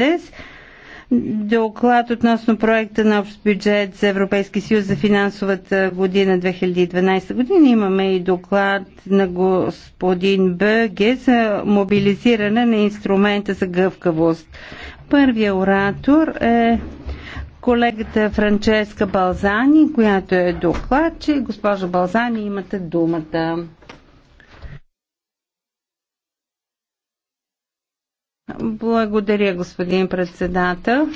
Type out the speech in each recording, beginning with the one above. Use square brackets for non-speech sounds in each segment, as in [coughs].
Днес доклад относно проекта на общ бюджет за Европейски съюз за финансовата година 2012 година. Имаме и доклад на господин Бъге за мобилизиране на инструмента за гъвкавост. Първия оратор е колегата Франческа Балзани, която е докладчик. Госпожа Балзани, имате думата. Благодаря, господин председател.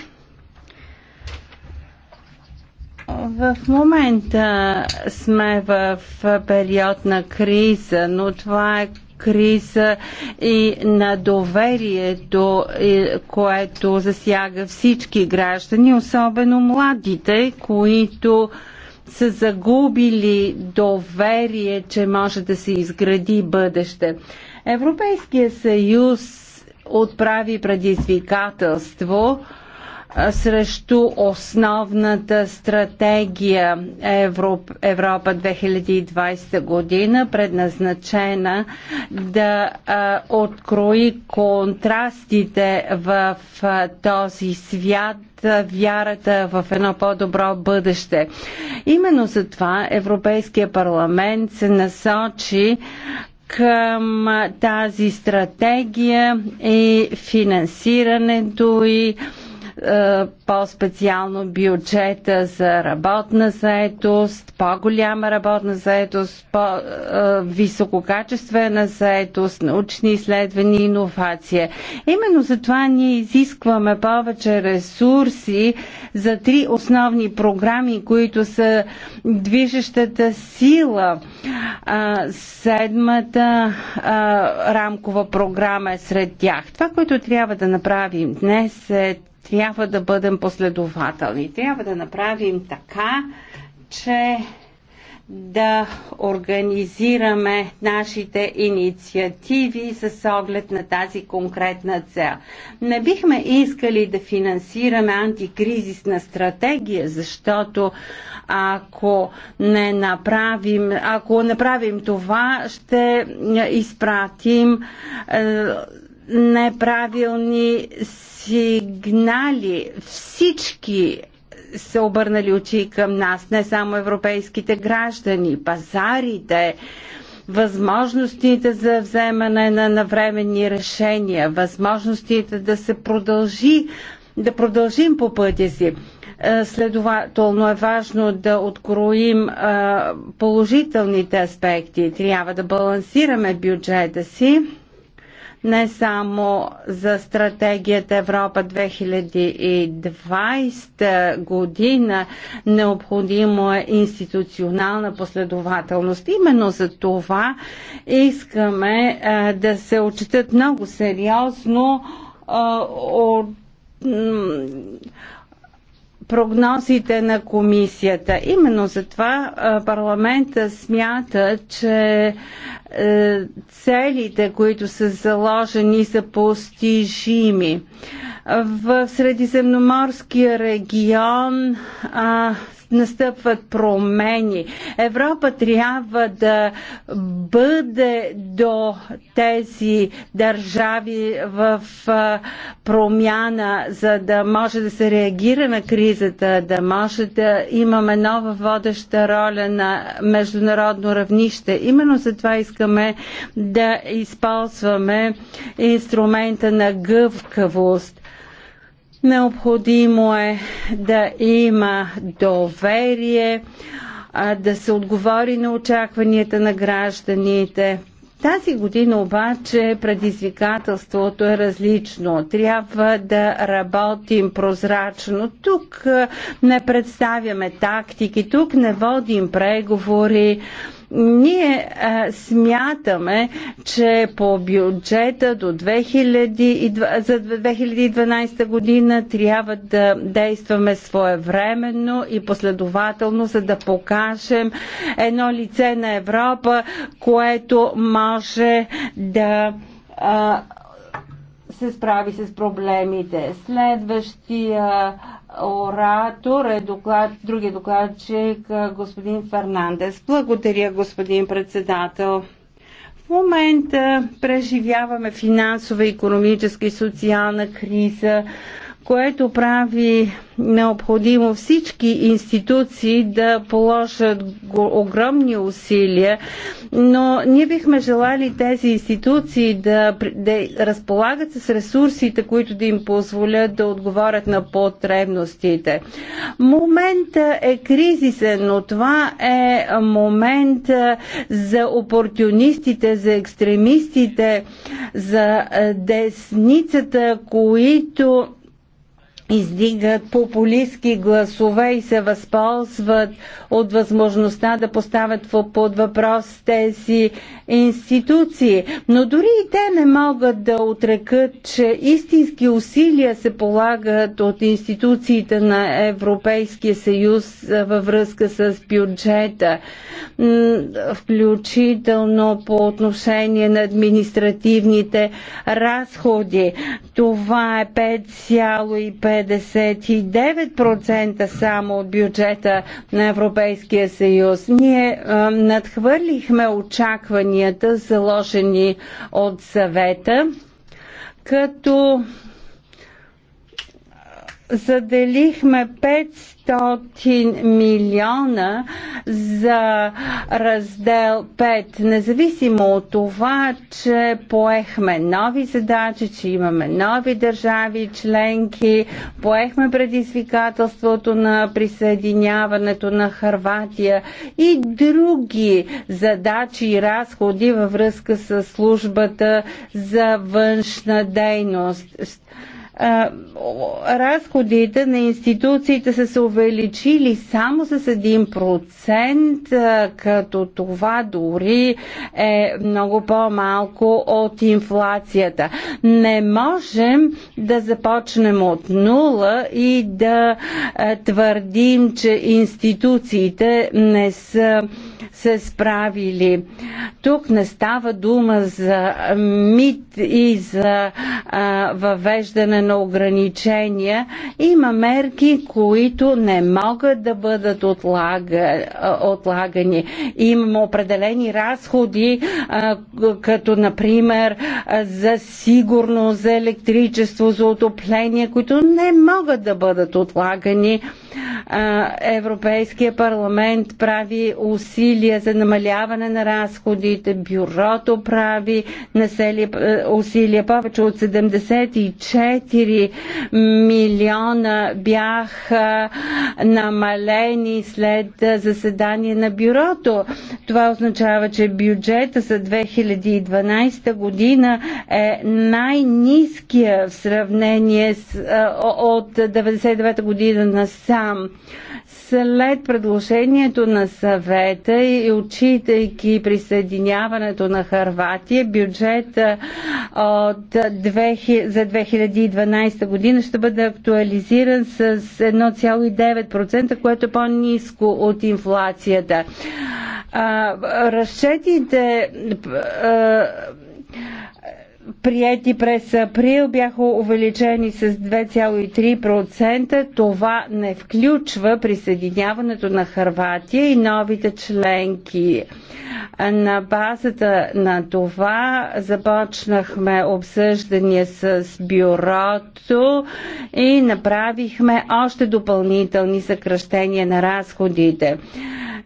В момента сме в период на криза, но това е криза и на доверието, което засяга всички граждани, особено младите, които са загубили доверие, че може да се изгради бъдеще. Европейския съюз отправи предизвикателство срещу основната стратегия Европа 2020 година, предназначена да открои контрастите в този свят, вярата в едно по-добро бъдеще. Именно за това Европейския парламент се насочи към тази стратегия и е финансирането и е, по-специално бюджета за работна заетост, по-голяма работна заетост, по-висококачествена е, заетост, научни изследвания и иновация. Именно за това ние изискваме повече ресурси за три основни програми, които са движещата сила. Седмата рамкова програма е сред тях. Това, което трябва да направим днес е трябва да бъдем последователни. Трябва да направим така, че да организираме нашите инициативи с оглед на тази конкретна цел. Не бихме искали да финансираме антикризисна стратегия, защото ако не направим, ако направим това, ще изпратим е, неправилни сигнали. Всички са обърнали очи към нас, не само европейските граждани, пазарите, възможностите за вземане на навременни решения, възможностите да се продължи, да продължим по пътя си. Е, следователно е важно да откроим е, положителните аспекти. Трябва да балансираме бюджета си не само за стратегията Европа 2020 година. Необходимо е институционална последователност. Именно за това искаме а, е, да се отчитат много сериозно а, е, от прогнозите на комисията. Именно затова парламента смята, че е, целите, които са заложени, са постижими. В Средиземноморския регион настъпват промени. Европа трябва да бъде до тези държави в промяна, за да може да се реагира на кризата, да може да имаме нова водеща роля на международно равнище. Именно за това искаме да използваме инструмента на гъвкавост. Необходимо е да има доверие, да се отговори на очакванията на гражданите. Тази година обаче предизвикателството е различно. Трябва да работим прозрачно. Тук не представяме тактики, тук не водим преговори ние а, смятаме, че по бюджета до 2000, за 2012 година трябва да действаме своевременно и последователно, за да покажем едно лице на Европа, което може да а, се справи с проблемите. Следващия оратор е доклад, другия докладчик господин Фернандес. Благодаря, господин председател. В момента преживяваме финансова, економическа и социална криза което прави необходимо всички институции да положат огромни усилия, но ние бихме желали тези институции да, да разполагат с ресурсите, които да им позволят да отговорят на потребностите. Момента е кризисен, но това е момент за опортунистите, за екстремистите, за десницата, които издигат популистски гласове и се възползват от възможността да поставят под въпрос тези институции. Но дори и те не могат да отрекат, че истински усилия се полагат от институциите на Европейския съюз във връзка с бюджета, включително по отношение на административните разходи. Това е 5,5 59% само от бюджета на Европейския съюз. Ние а, надхвърлихме очакванията, заложени от съвета, като заделихме 500 милиона за раздел 5, независимо от това, че поехме нови задачи, че имаме нови държави, членки, поехме предизвикателството на присъединяването на Харватия и други задачи и разходи във връзка с службата за външна дейност разходите на институциите са се увеличили само с 1%, като това дори е много по-малко от инфлацията. Не можем да започнем от нула и да твърдим, че институциите не са се справили. Тук не става дума за мит и за а, въвеждане на ограничения. Има мерки, които не могат да бъдат отлага, отлагани. Имаме определени разходи, а, като например за сигурност, за електричество, за отопление, които не могат да бъдат отлагани. Европейския парламент прави усилия за намаляване на разходите, бюрото прави насели, усилия. Повече от 74 милиона бяха намалени след заседание на бюрото. Това означава, че бюджета за 2012 година е най-низкия в сравнение с, от 1999 година на там. След предложението на съвета и отчитайки присъединяването на Харватия, бюджета от 2000, за 2012 година ще бъде актуализиран с 1,9%, което е по-низко от инфлацията. А, разчетите а, прияти през април, бяха увеличени с 2,3%. Това не включва присъединяването на Харватия и новите членки. На базата на това започнахме обсъждания с бюрото и направихме още допълнителни съкръщения на разходите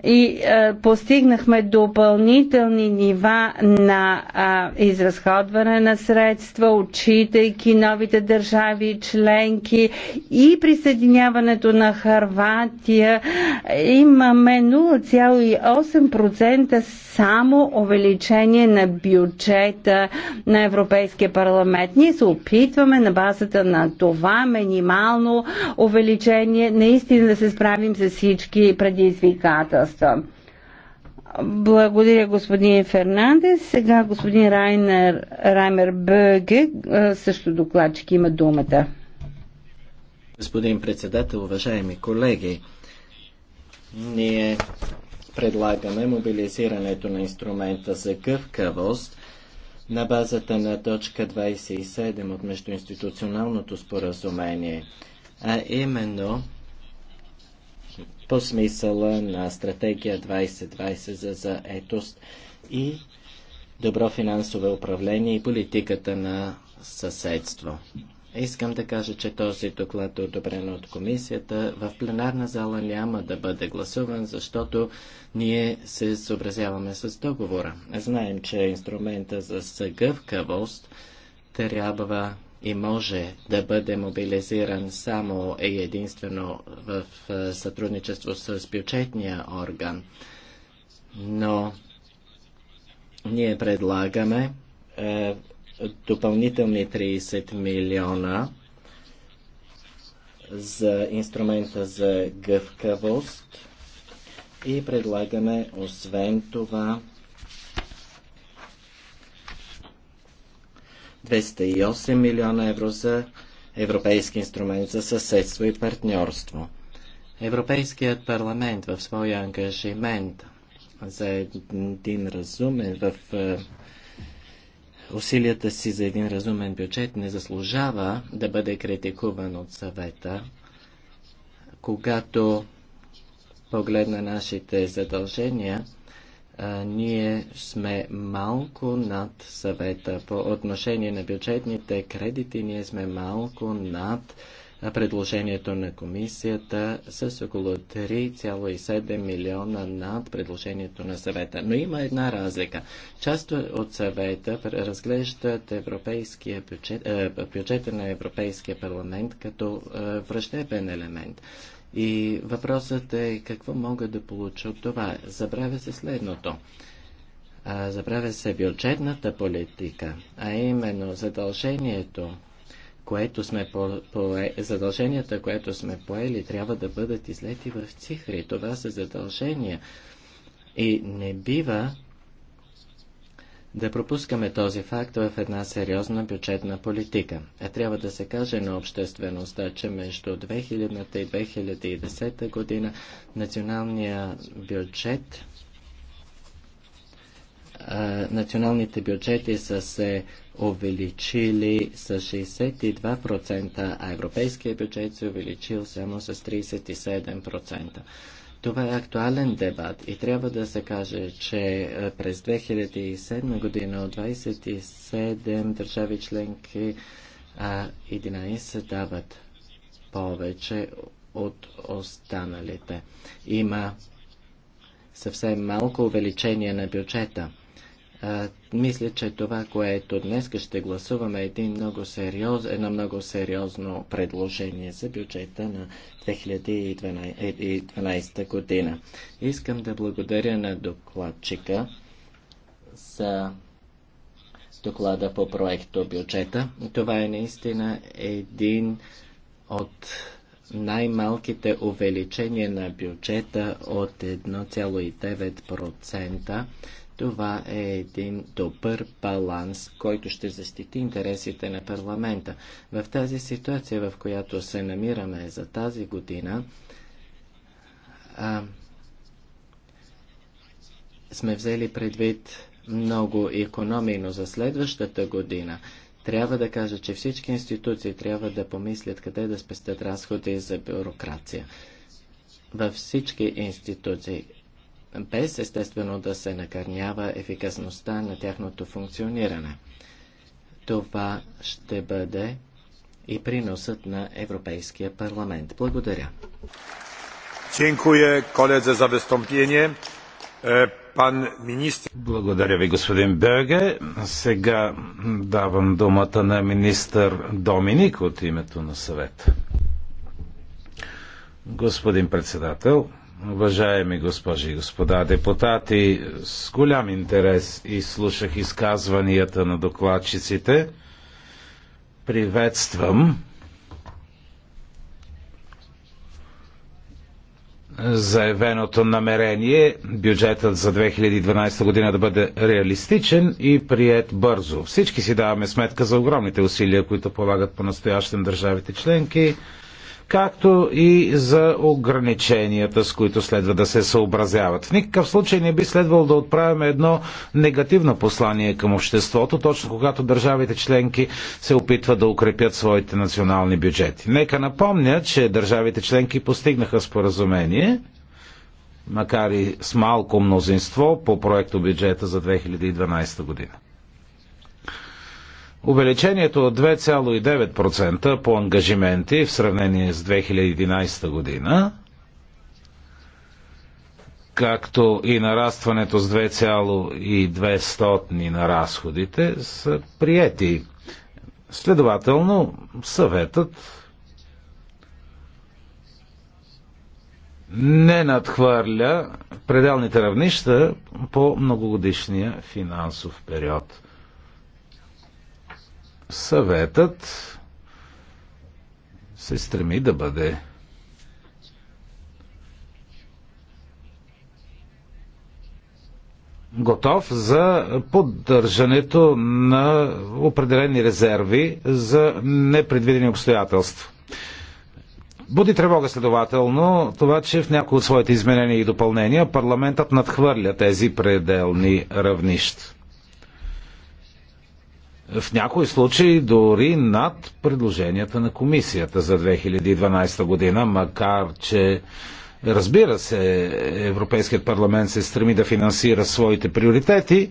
и а, е, постигнахме допълнителни нива на а, е, изразходване на средства, отчитайки новите държави членки и присъединяването на Харватия. Имаме 0,8% само увеличение на бюджета на Европейския парламент. Ние се опитваме на базата на това минимално увеличение наистина да се справим с всички предизвикателства председателства. Благодаря господин Фернандес. Сега господин Райнер, Раймер Бъге, също докладчик има думата. Господин председател, уважаеми колеги, ние предлагаме мобилизирането на инструмента за гъвкавост на базата на точка 27 от междуинституционалното споразумение, а именно по смисъла на стратегия 2020 за заетост и добро финансово управление и политиката на съседство. Искам да кажа, че този доклад е одобрен от комисията. В пленарна зала няма да бъде гласуван, защото ние се съобразяваме с договора. Знаем, че инструмента за съгъвкавост трябва и може да бъде мобилизиран само и единствено в сътрудничество с бюджетния орган. Но ние предлагаме е, допълнителни 30 милиона за инструмента за гъвкавост и предлагаме освен това 208 милиона евро за Европейски инструмент за съседство и партньорство. Европейският парламент в своя ангажимент за един разумен в е, усилията си за един разумен бюджет не заслужава да бъде критикуван от съвета, когато погледна нашите задължения – ние сме малко над съвета. По отношение на бюджетните кредити, ние сме малко над предложението на комисията с около 3,7 милиона над предложението на съвета. Но има една разлика. Част от съвета разглеждат европейския бюджет, бюджета на Европейския парламент като връщебен елемент. И въпросът е какво мога да получа от това. Забравя се следното. А, забравя се бюджетната политика, а именно задължението, което сме по, по, задълженията, което сме поели, трябва да бъдат излети в цифри. Това са задължения. И не бива да пропускаме този факт в една сериозна бюджетна политика. А трябва да се каже на обществеността, че между 2000 и 2010 година националния бюджет националните бюджети са се увеличили с 62%, а европейския бюджет се увеличил само с 37%. Това е актуален дебат и трябва да се каже, че през 2007 година от 27 държави членки 11 дават повече от останалите. Има съвсем малко увеличение на бюджета – а, мисля, че това, което днес ще гласуваме е един много сериоз, едно много сериозно предложение за бюджета на 2012 година. Искам да благодаря на докладчика за доклада по проекто бюджета. Това е наистина един от най-малките увеличения на бюджета от 1,9% това е един добър баланс, който ще защити интересите на парламента. В тази ситуация, в която се намираме за тази година, а, сме взели предвид много економии, но за следващата година трябва да кажа, че всички институции трябва да помислят къде да спестят разходи за бюрокрация. Във всички институции без естествено да се накърнява ефикасността на тяхното функциониране. Това ще бъде и приносът на Европейския парламент. Благодаря. E, Благодаря ви, господин Берге. Сега давам думата на министър Доминик от името на съвет. Господин председател, Уважаеми госпожи и господа депутати, с голям интерес изслушах изказванията на докладчиците. Приветствам заявеното намерение бюджетът за 2012 година да бъде реалистичен и прият бързо. Всички си даваме сметка за огромните усилия, които полагат по настоящен държавите членки както и за ограниченията, с които следва да се съобразяват. В никакъв случай не би следвало да отправяме едно негативно послание към обществото, точно когато държавите членки се опитват да укрепят своите национални бюджети. Нека напомня, че държавите членки постигнаха споразумение макар и с малко мнозинство по проекто бюджета за 2012 година. Увеличението от 2,9% по ангажименти в сравнение с 2011 година, както и нарастването с 2,2 на разходите са приети. Следователно, съветът не надхвърля пределните равнища по многогодишния финансов период съветът се стреми да бъде готов за поддържането на определени резерви за непредвидени обстоятелства. Буди тревога следователно това, че в някои от своите изменения и допълнения парламентът надхвърля тези пределни равнища в някои случаи дори над предложенията на комисията за 2012 година, макар че разбира се, Европейският парламент се стреми да финансира своите приоритети,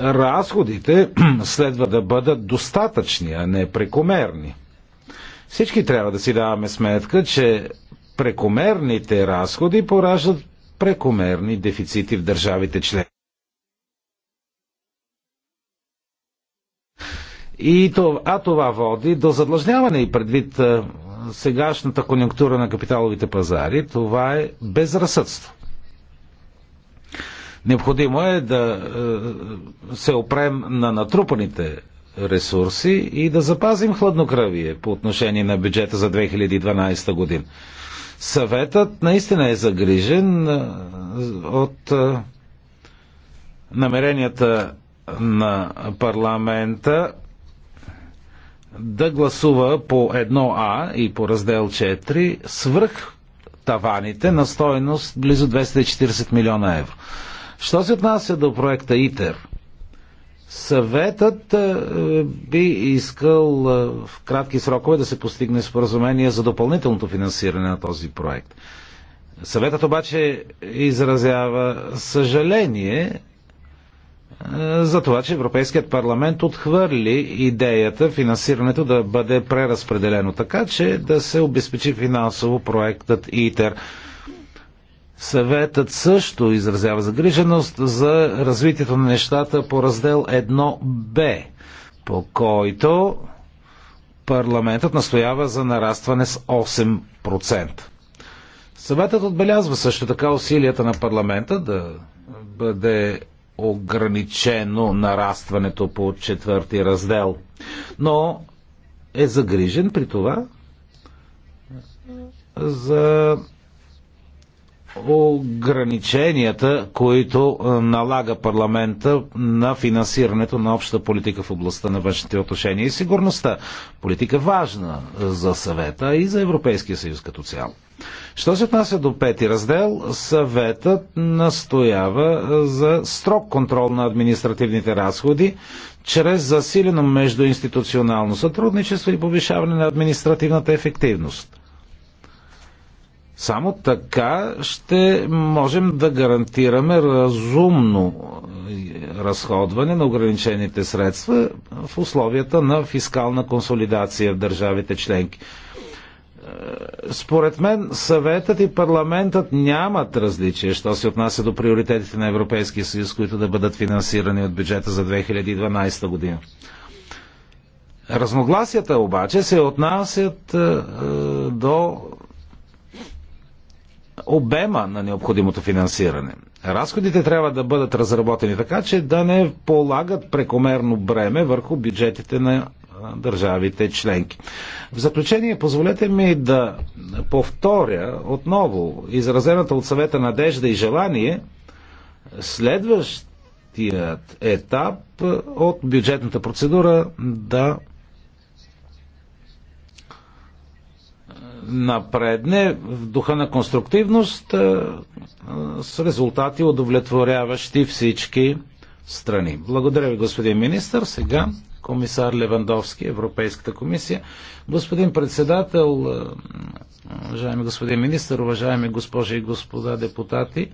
разходите [clears throat] следва да бъдат достатъчни, а не прекомерни. Всички трябва да си даваме сметка, че прекомерните разходи пораждат прекомерни дефицити в държавите члени. И това, а това води до задлъжняване и предвид сегашната конъюнктура на капиталовите пазари, това е безразсъдство. Необходимо е да се опрем на натрупаните ресурси и да запазим хладнокръвие по отношение на бюджета за 2012 година. Съветът наистина е загрижен от намеренията на парламента да гласува по 1А и по раздел 4 свръх таваните на стоеност близо 240 милиона евро. Що се отнася до проекта ИТЕР? Съветът е, би искал е, в кратки срокове да се постигне споразумение за допълнителното финансиране на този проект. Съветът обаче изразява съжаление е, за това, че Европейският парламент отхвърли идеята финансирането да бъде преразпределено, така че да се обезпечи финансово проектът ИТЕР. Съветът също изразява загриженост за развитието на нещата по раздел 1Б, по който парламентът настоява за нарастване с 8%. Съветът отбелязва също така усилията на парламента да бъде ограничено нарастването по четвърти раздел. Но е загрижен при това за ограниченията, които е, налага парламента на финансирането на обща политика в областта на външните отношения и сигурността. Политика важна е, за съвета и за Европейския съюз като цяло. Що се отнася до пети раздел, съветът настоява е, за строг контрол на административните разходи, чрез засилено междуинституционално сътрудничество и повишаване на административната ефективност. Само така ще можем да гарантираме разумно е, разходване на ограничените средства в условията на фискална консолидация в държавите членки. Е, според мен съветът и парламентът нямат различия, що се отнася до приоритетите на Европейския съюз, които да бъдат финансирани от бюджета за 2012 година. Разногласията обаче се отнасят е, до обема на необходимото финансиране. Разходите трябва да бъдат разработени така, че да не полагат прекомерно бреме върху бюджетите на държавите членки. В заключение, позволете ми да повторя отново изразената от съвета надежда и желание следващият етап от бюджетната процедура да напредне в духа на конструктивност с резултати удовлетворяващи всички страни. Благодаря ви, господин министр. Сега комисар Левандовски, Европейската комисия. Господин председател, уважаеми господин министр, уважаеми госпожи и господа депутати,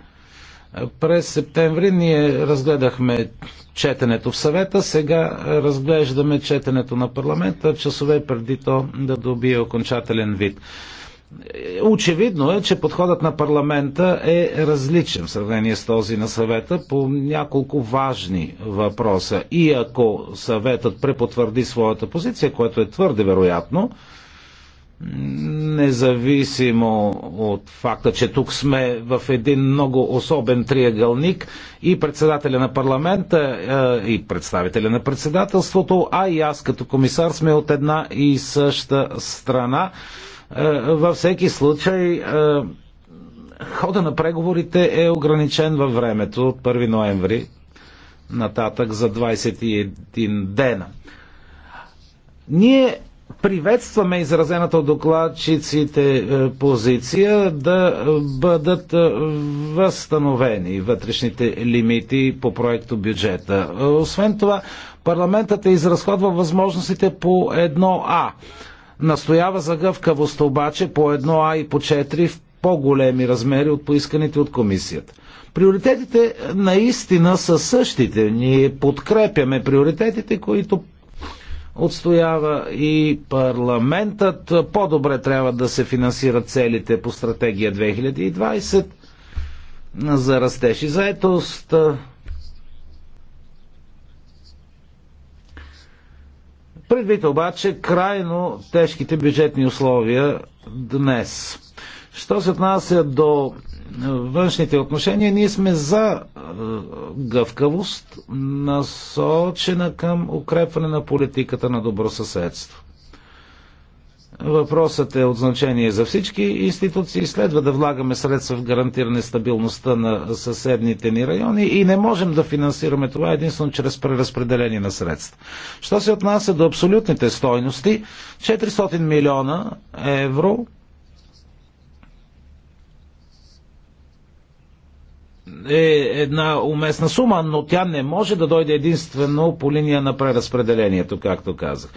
през септември ние разгледахме четенето в съвета, сега разглеждаме четенето на парламента, часове преди то да добие окончателен вид. Очевидно е, че подходът на парламента е различен в сравнение с този на съвета по няколко важни въпроса. И ако съветът препотвърди своята позиция, което е твърде вероятно, независимо от факта, че тук сме в един много особен триъгълник и председателя на парламента, и представителя на председателството, а и аз като комисар сме от една и съща страна. Във всеки случай хода на преговорите е ограничен във времето от 1 ноември нататък за 21 дена. Ние приветстваме изразената от докладчиците е, позиция да е, бъдат е, възстановени вътрешните лимити по проекто бюджета. Освен това, парламентът е изразходва възможностите по 1А. Настоява за гъвкавост обаче по 1А и по 4 в по-големи размери от поисканите от комисията. Приоритетите наистина са същите. Ние подкрепяме приоритетите, които отстоява и парламентът. По-добре трябва да се финансират целите по стратегия 2020 за растеж и заетост. Предвид обаче крайно тежките бюджетни условия днес. Що се отнася до външните отношения, ние сме за е, гъвкавост, насочена към укрепване на политиката на добросъседство. Въпросът е от значение за всички институции. Следва да влагаме средства в гарантиране стабилността на съседните ни райони и не можем да финансираме това единствено чрез преразпределение на средства. Що се отнася до абсолютните стойности, 400 милиона евро е една уместна сума, но тя не може да дойде единствено по линия на преразпределението, както казах.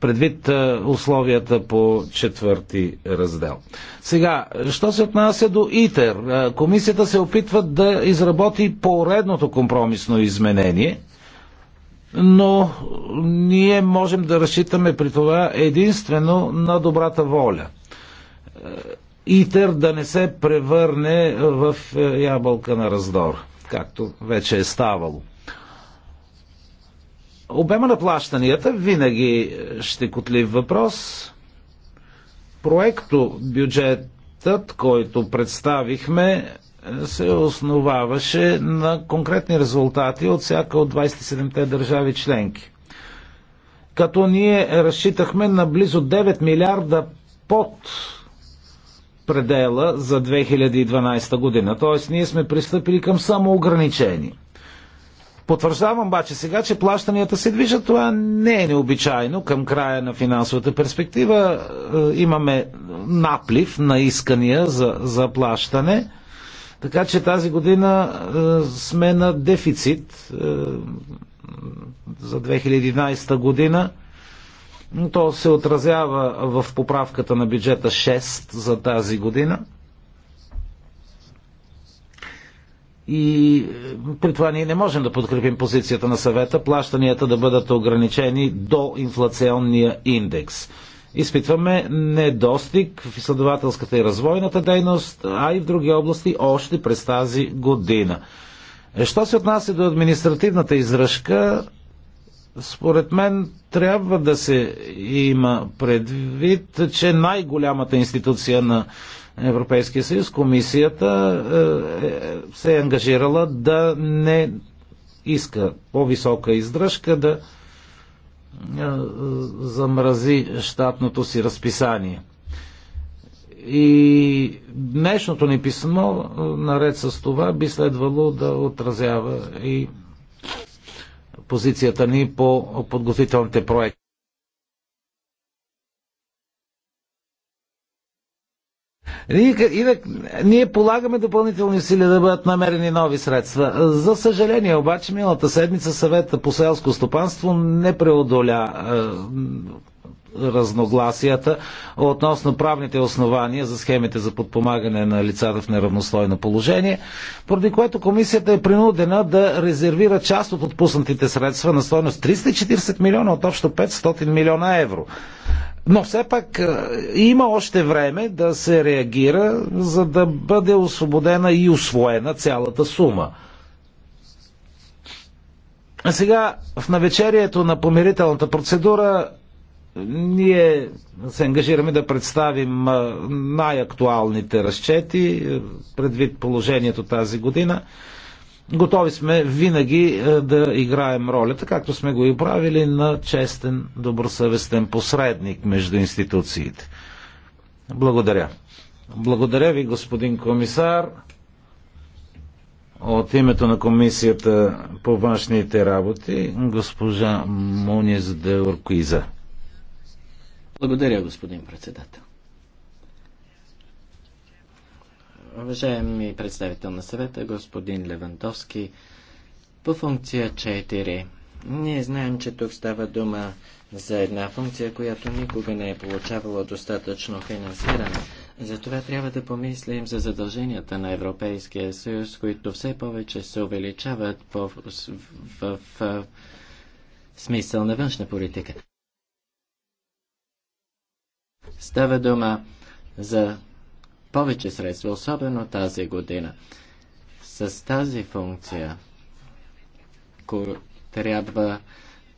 Предвид е, условията по четвърти раздел. Сега, що се отнася до ИТЕР? Е, комисията се опитва да изработи поредното компромисно изменение, но ние можем да разчитаме при това единствено на добрата воля е, ИТЕР да не се превърне в е, ябълка на раздор, както вече е ставало. Обема на плащанията винаги ще котлив въпрос. Проекто бюджетът, който представихме, се основаваше на конкретни резултати от всяка от 27-те държави членки. Като ние разчитахме на близо 9 милиарда под предела за 2012 година. Тоест, ние сме пристъпили към самоограничени. Потвърждавам обаче сега, че плащанията се движат. Това не е необичайно. Към края на финансовата перспектива е, имаме наплив на искания за, за плащане. Така че тази година е, сме на дефицит е, за 2011 година. То се отразява в поправката на бюджета 6 за тази година. И при това ние не можем да подкрепим позицията на съвета, плащанията да бъдат ограничени до инфлационния индекс. Изпитваме недостиг в изследователската и развойната дейност, а и в други области още през тази година. Що се отнася до административната изръжка, според мен трябва да се има предвид, че най-голямата институция на Европейския съюз, комисията, е, е, се е ангажирала да не иска по-висока издръжка, да е, замрази щатното си разписание. И днешното ни писмо, наред с това, би следвало да отразява и позицията ни по подготвителните проекти. Ние, инак, ние полагаме допълнителни сили да бъдат намерени нови средства. За съжаление, обаче, миналата седмица съвета по селско стопанство не преодоля е, разногласията относно правните основания за схемите за подпомагане на лицата в неравнослойно положение, поради което комисията е принудена да резервира част от отпуснатите средства на стоеност 340 милиона от общо 500 милиона евро. Но все пак е, има още време да се реагира, за да бъде освободена и освоена цялата сума. А сега в навечерието на помирителната процедура ние се ангажираме да представим най-актуалните разчети предвид положението тази година. Готови сме винаги да играем ролята, както сме го и правили, на честен, добросъвестен посредник между институциите. Благодаря. Благодаря ви, господин комисар. От името на комисията по външните работи, госпожа Мунис Деоркуиза. Благодаря, господин председател. Уважаеми представител на съвета, господин Левандовски, по функция 4. Ние знаем, че тук става дума за една функция, която никога не е получавала достатъчно финансиране. Затова трябва да помислим за задълженията на Европейския съюз, които все повече се увеличават в, в, в, в смисъл на външна политика. Става дума за повече средства, особено тази година. С тази функция трябва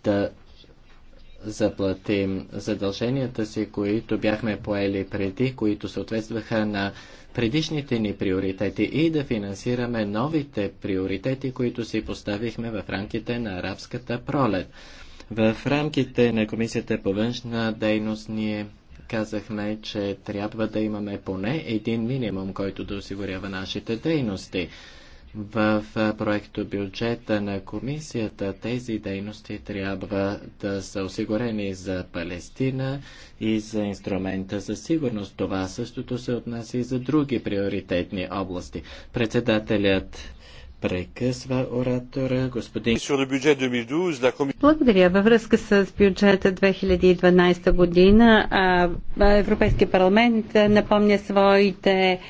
да заплатим задълженията си, които бяхме поели преди, които съответстваха на предишните ни приоритети и да финансираме новите приоритети, които си поставихме в рамките на арабската пролет. В рамките на Комисията по външна дейност ние казахме, че трябва да имаме поне един минимум, който да осигурява нашите дейности. В проекто бюджета на комисията тези дейности трябва да са осигурени за Палестина и за инструмента за сигурност. Това същото се отнася и за други приоритетни области. Председателят прекъсва оратора. Господин... Благодаря. Във връзка с бюджета 2012 година Европейския парламент напомня своите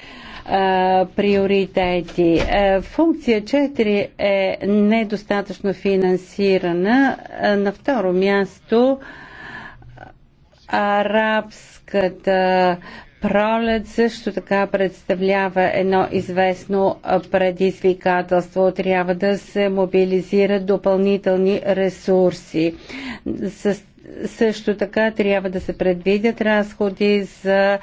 приоритети. Функция 4 е недостатъчно финансирана. На второ място арабската пролет също така представлява едно известно предизвикателство. Трябва да се мобилизират допълнителни ресурси. също така трябва да се предвидят разходи за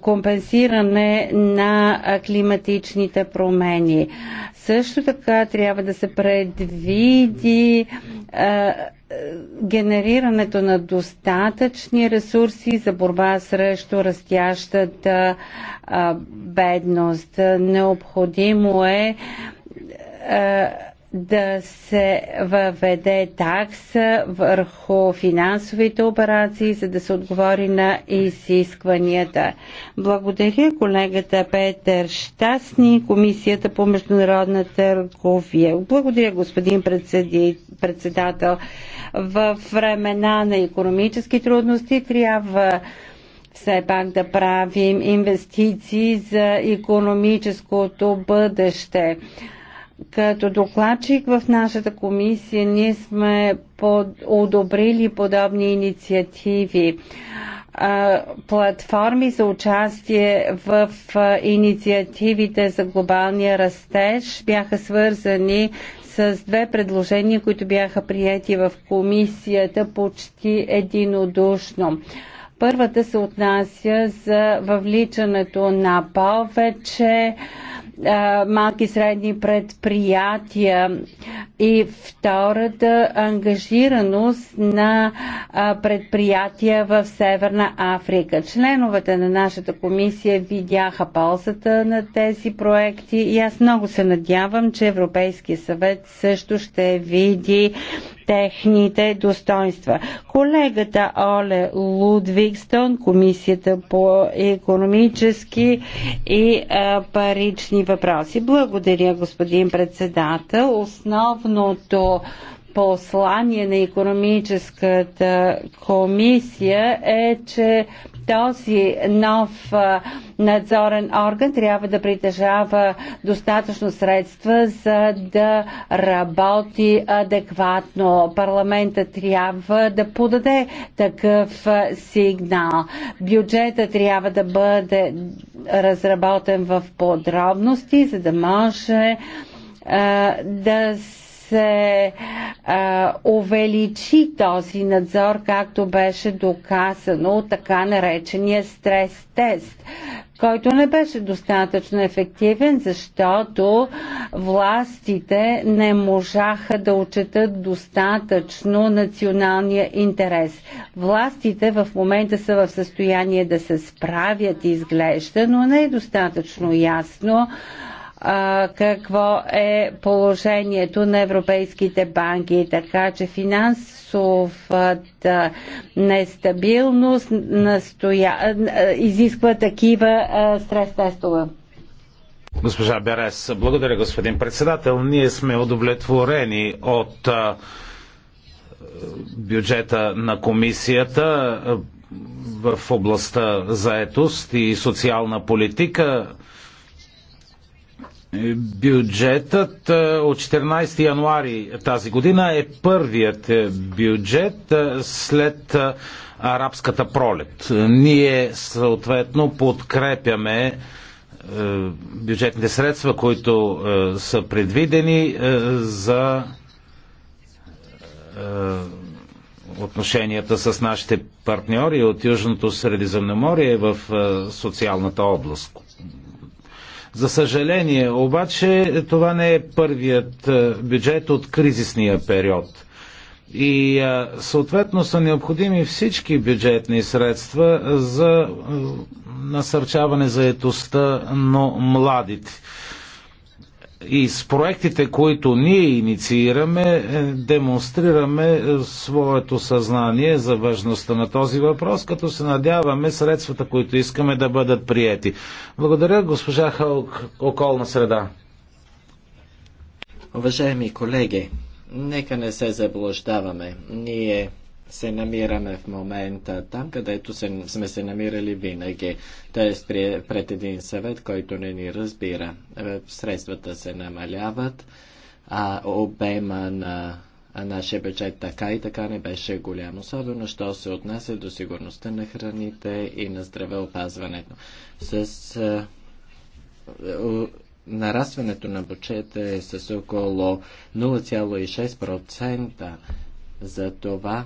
компенсиране на климатичните промени. Също така трябва да се предвиди генерирането на достатъчни ресурси за борба срещу растящата бедност. Необходимо е да се въведе такса върху финансовите операции, за да се отговори на изискванията. Благодаря колегата Петър Штасни, Комисията по международна търговия. Благодаря господин председател. В времена на економически трудности трябва все пак да правим инвестиции за економическото бъдеще. Като докладчик в нашата комисия ние сме под, одобрили подобни инициативи платформи за участие в инициативите за глобалния растеж бяха свързани с две предложения, които бяха прияти в комисията почти единодушно. Първата се отнася за въвличането на повече а, малки и средни предприятия и втората ангажираност на предприятия в Северна Африка. Членовете на нашата комисия видяха ползата на тези проекти и аз много се надявам, че Европейския съвет също ще види техните достоинства. Колегата Оле Лудвигстън, Комисията по економически и парични въпроси. Благодаря, господин председател. Основното послание на економическата комисия е, че този нов надзорен орган трябва да притежава достатъчно средства, за да работи адекватно. Парламента трябва да подаде такъв сигнал. Бюджета трябва да бъде разработен в подробности, за да може да се се а, увеличи този надзор, както беше доказано от така наречения стрес тест, който не беше достатъчно ефективен, защото властите не можаха да отчетат достатъчно националния интерес. Властите в момента са в състояние да се справят, изглежда, но не е достатъчно ясно а, какво е положението на европейските банки. Така че финансовата нестабилност настоя... изисква такива стрес-тестове. Госпожа Берес, благодаря господин председател. Ние сме удовлетворени от бюджета на комисията в областта заетост и социална политика е, бюджетът е, от 14 януари тази година е първият е, бюджет след арабската пролет. Ние съответно подкрепяме бюджетните средства, които са предвидени за отношенията с нашите партньори от Южното Средиземноморие в социалната област, за съжаление, обаче, това не е първият е, бюджет от кризисния период. И е, съответно са необходими всички бюджетни средства за е, насърчаване заетостта, но младите. И с проектите, които ние инициираме, е, демонстрираме е, своето съзнание за важността на този въпрос, като се надяваме средствата, които искаме да бъдат приети. Благодаря, госпожа Халк, околна среда. Уважаеми колеги, нека не се заблуждаваме. Ние се намираме в момента там, където се, сме се намирали винаги. Т.е. пред един съвет, който не ни разбира. Е, средствата се намаляват, а обема на нашия бюджет така и така не беше голям, особено що се отнася до сигурността на храните и на здравеопазването. С нарастването на бюджета е с около 0,6%. За това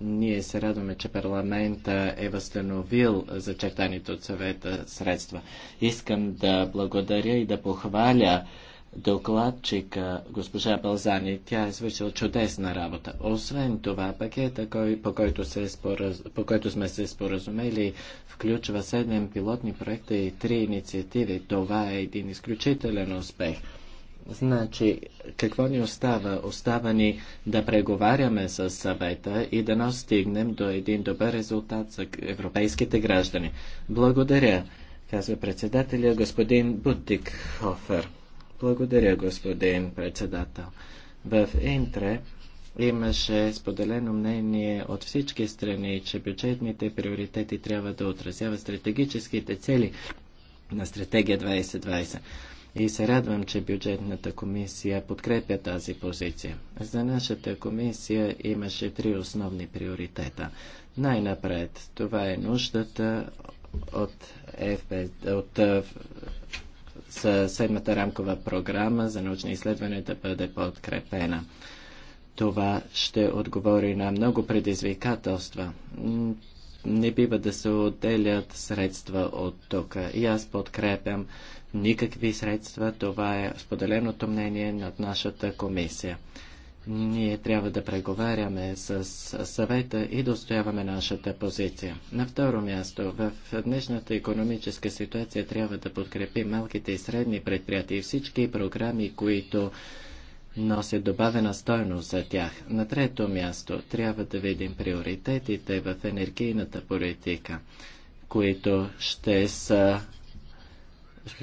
ние се радваме, че парламента е възстановил зачертаните от съвета средства. Искам да благодаря и да похваля докладчика госпожа Балзани. Тя е свършила чудесна работа. Освен това, пакета, кой, по, който се спораз... по който сме се споразумели, включва 7 пилотни проекта и 3 инициативи. Това е един изключителен успех. Значи, какво ни остава? Остава ни да преговаряме с съвета и да настигнем до един добър резултат за европейските граждани. Благодаря, казва председателя господин Бутик Благодаря, господин председател. В Интре имаше споделено мнение от всички страни, че бюджетните приоритети трябва да отразяват стратегическите цели на стратегия 2020 и се радвам, че бюджетната комисия подкрепя тази позиция. За нашата комисия имаше три основни приоритета. Най-напред това е нуждата от, ФБ, от седмата рамкова програма за научни изследвания да бъде подкрепена. Това ще отговори на много предизвикателства. Не бива да се отделят средства от тук. И аз подкрепям никакви средства. Това е споделеното мнение от нашата комисия. Ние трябва да преговаряме с съвета и достояваме нашата позиция. На второ място, в днешната економическа ситуация трябва да подкрепим малките и средни предприятия и всички програми, които носят добавена стойност за тях. На трето място, трябва да видим приоритетите в енергийната политика, които ще са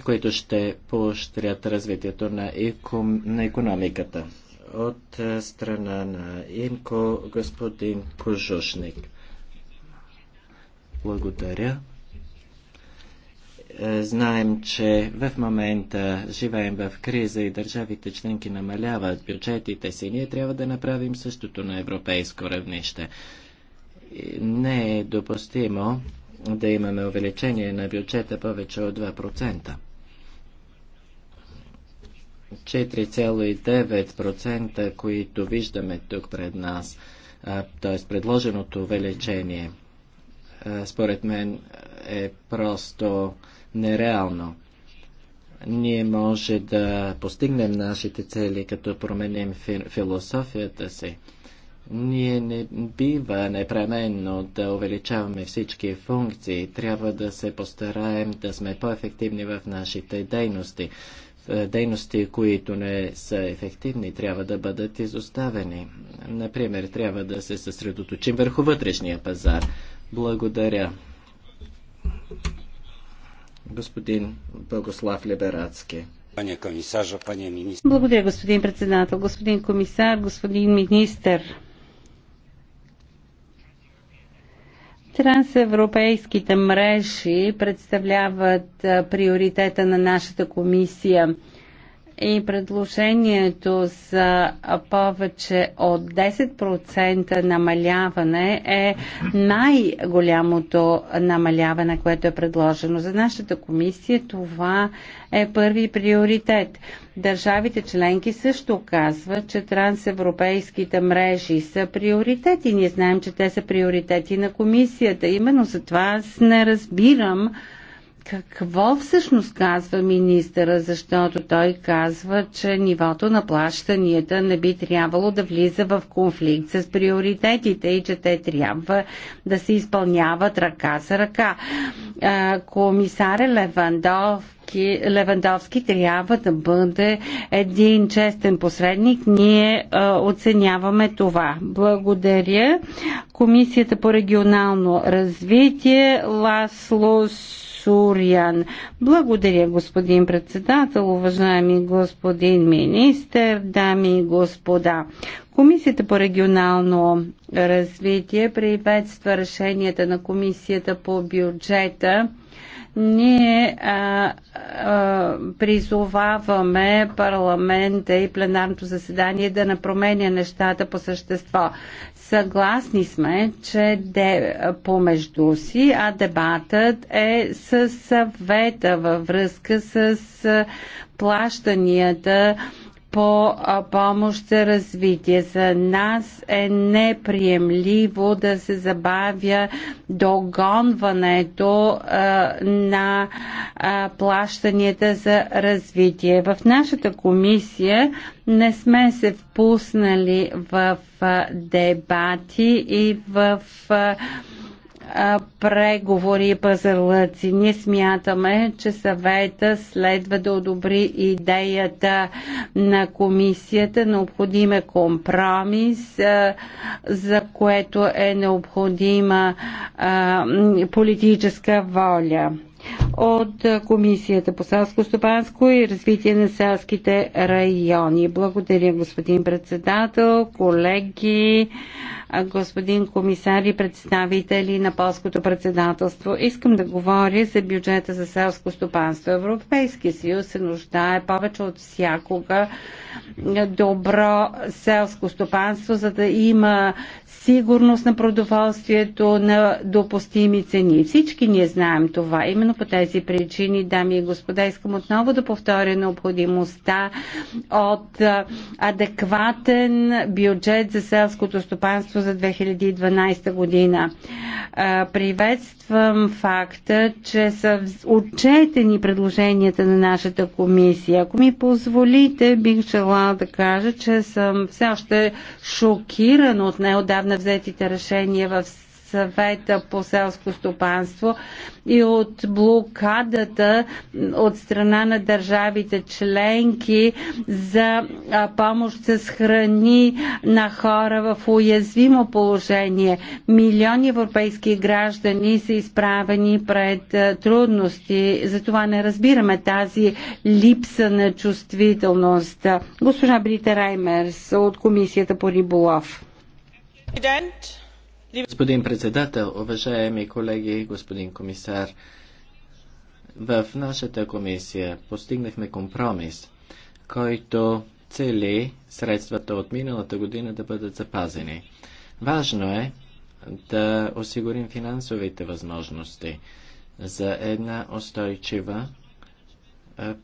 които ще поощрят развитието на, еком... на економиката. От е, страна на Инко, господин Кожушник. Благодаря. Е, знаем, че в момента живеем в криза и държавите членки намаляват бюджетите си. Ние трябва да направим същото на европейско равнище. Не е допустимо да имаме увеличение на бюджета повече от 2%. 4,9%, които виждаме тук пред нас, т.е. предложеното увеличение, според мен е просто нереално. Ние може да постигнем нашите цели, като променим философията си. Ние не бива непременно да увеличаваме всички функции. Трябва да се постараем да сме по-ефективни в нашите дейности. Е, дейности, които не са ефективни, трябва да бъдат изоставени. Например, трябва да се съсредоточим върху вътрешния пазар. Благодаря. Господин Богослав Либерацки. комисажа, министр. Благодаря, господин председател, господин комисар, господин министр. Трансевропейските мрежи представляват приоритета на нашата комисия и предложението за повече от 10% намаляване е най-голямото намаляване, което е предложено. За нашата комисия това е първи приоритет. Държавите членки също казват, че трансевропейските мрежи са приоритети. Ние знаем, че те са приоритети на комисията. Именно за това аз не разбирам какво всъщност казва министъра, защото той казва, че нивото на плащанията не би трябвало да влиза в конфликт с приоритетите и че те трябва да се изпълняват ръка за ръка. Комисар Левандов Левандовски трябва да бъде един честен посредник. Ние а, оценяваме това. Благодаря. Комисията по регионално развитие Ласло Сурян. Благодаря, господин председател, уважаеми господин министр, дами и господа. Комисията по регионално развитие приветства решенията на Комисията по бюджета ние а, а, призоваваме парламента и пленарното заседание да не променя нещата по същество. Съгласни сме, че де, помежду си, а дебатът е с съвета във връзка с плащанията по помощ за развитие. За нас е неприемливо да се забавя догонването а, на а, плащанията за развитие. В нашата комисия не сме се впуснали в а, дебати и в а, преговори и пазарлъци. Ние смятаме, че съвета следва да одобри идеята на комисията. Необходим е компромис, за което е необходима политическа воля от Комисията по селско стопанско и развитие на селските райони. Благодаря, господин председател, колеги, господин комисар и представители на полското председателство. Искам да говоря за бюджета за селско стопанство. Европейския съюз се нуждае повече от всякога добро селско стопанство, за да има сигурност на продоволствието на допустими цени. Всички ние знаем това. Именно по тези причини, дами и господа, искам отново да повторя необходимостта от адекватен бюджет за селското стопанство за 2012 година. Приветствам факта, че са отчетени предложенията на нашата комисия. Ако ми позволите, бих желала да кажа, че съм все още шокиран от неодавна на взетите решения в съвета по селско стопанство и от блокадата от страна на държавите членки за помощ с храни на хора в уязвимо положение. Милиони европейски граждани са изправени пред трудности. Затова не разбираме тази липса на чувствителност. Госпожа Брита Раймерс от Комисията по риболов. Господин председател, уважаеми колеги, господин комисар, в нашата комисия постигнахме компромис, който цели средствата от миналата година да бъдат запазени. Важно е да осигурим финансовите възможности за една устойчива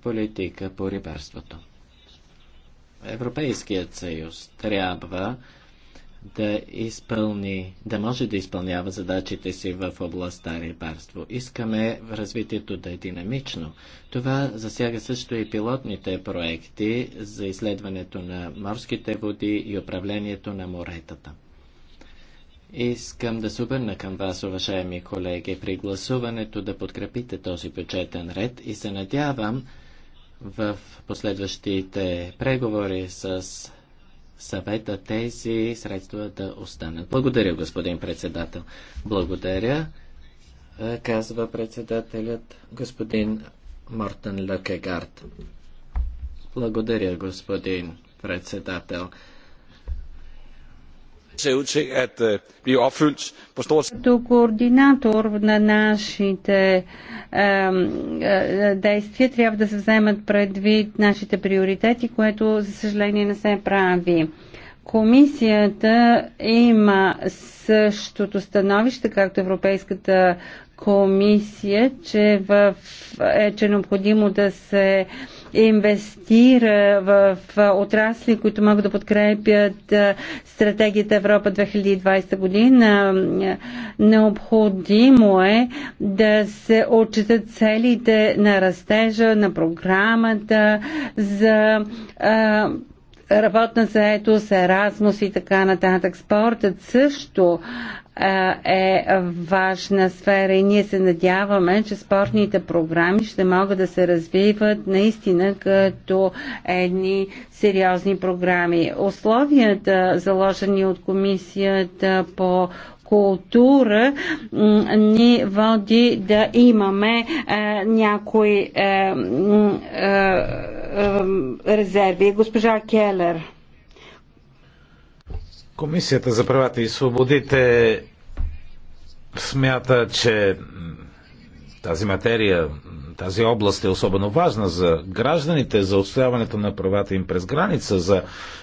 политика по рибарството. Европейският съюз трябва да изпълни, да може да изпълнява задачите си в областта рибарство. Искаме развитието да е динамично. Това засяга също и пилотните проекти за изследването на морските води и управлението на моретата. Искам да се обърна към вас, уважаеми колеги, при гласуването да подкрепите този бюджетен ред и се надявам в последващите преговори с съвета тези средства да останат. Благодаря, господин председател. Благодаря, казва председателят господин Мортен Лъкегард. Благодаря, господин председател ser ud til at blive øh, er opfyldt på stort Като координатор на нашите действия трябва да се вземат предвид нашите приоритети, което за съжаление не се прави. Комисията има същото становище, както Европейската комисия, че, в, е, че е необходимо да се а, инвестира в отрасли, които могат да подкрепят стратегията Европа 2020 година. Необходимо е да се отчитат целите на растежа, на програмата за работна заетост, Еразмус и така нататък. Спортът също е, е важна сфера и ние се надяваме, че спортните програми ще могат да се развиват наистина като едни сериозни програми. Условията, заложени от комисията по култура ни води да имаме е, някои е, е, резерви. Госпожа Келер. Комисията за правата и свободите смята, че тази материя, тази област е особено важна за гражданите, за отстояването на правата им през граница, за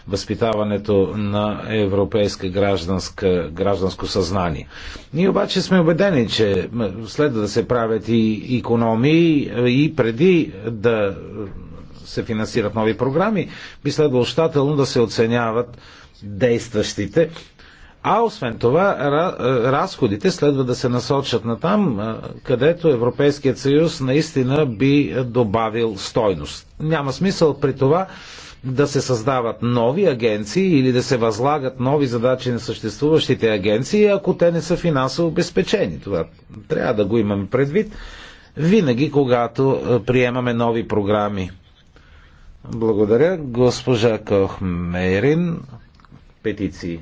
възпитаването на европейска гражданска, гражданско съзнание. Ние обаче сме убедени, че следва да се правят и економии и преди да се финансират нови програми, би следвало щателно да се оценяват действащите а освен това, е, разходите следва да се насочат на там, е, където Европейският съюз наистина би добавил стойност. Няма смисъл при това да се създават нови агенции или да се възлагат нови задачи на съществуващите агенции, ако те не са финансово обезпечени. Това трябва да го имаме предвид винаги, когато е, приемаме нови програми. Благодаря, госпожа Кохмейрин Петиции.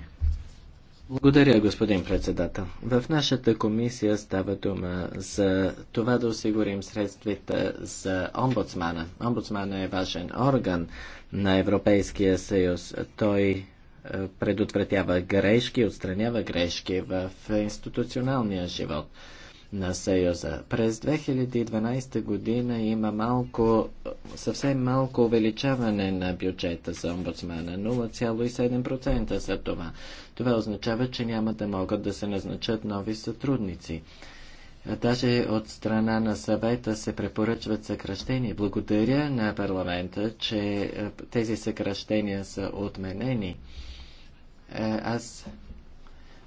Благодаря, господин председател. В нашата комисия става дума за това да осигурим средствата за омбудсмана. Омбудсмана е важен орган на Европейския съюз. Той е, предотвратява грешки, отстранява грешки в институционалния живот на Съюза. През 2012 година има малко, съвсем малко увеличаване на бюджета за омбудсмана, 0,7% за това. Това означава, че няма да могат да се назначат нови сътрудници. Даже от страна на съвета се препоръчват съкръщения. Благодаря на парламента, че е, тези съкръщения са отменени. Е, аз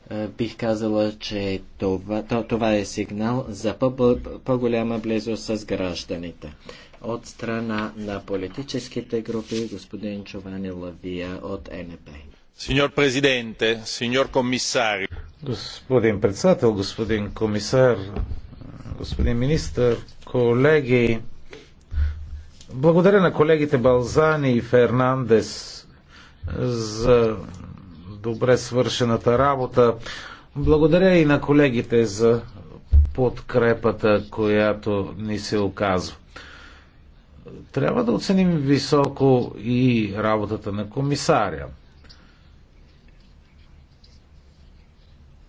е, бих казала, че това, то, това е сигнал за по-голяма -по близост с гражданите. От страна на политическите групи, господин Човани Лавия от НП. Сеньор президенте, сеньор комисар. Господин председател, господин комисар, господин министър, колеги, благодаря на колегите Балзани и Фернандес за добре свършената работа. Благодаря и на колегите за подкрепата, която ни се оказва. Трябва да оценим високо и работата на комисаря.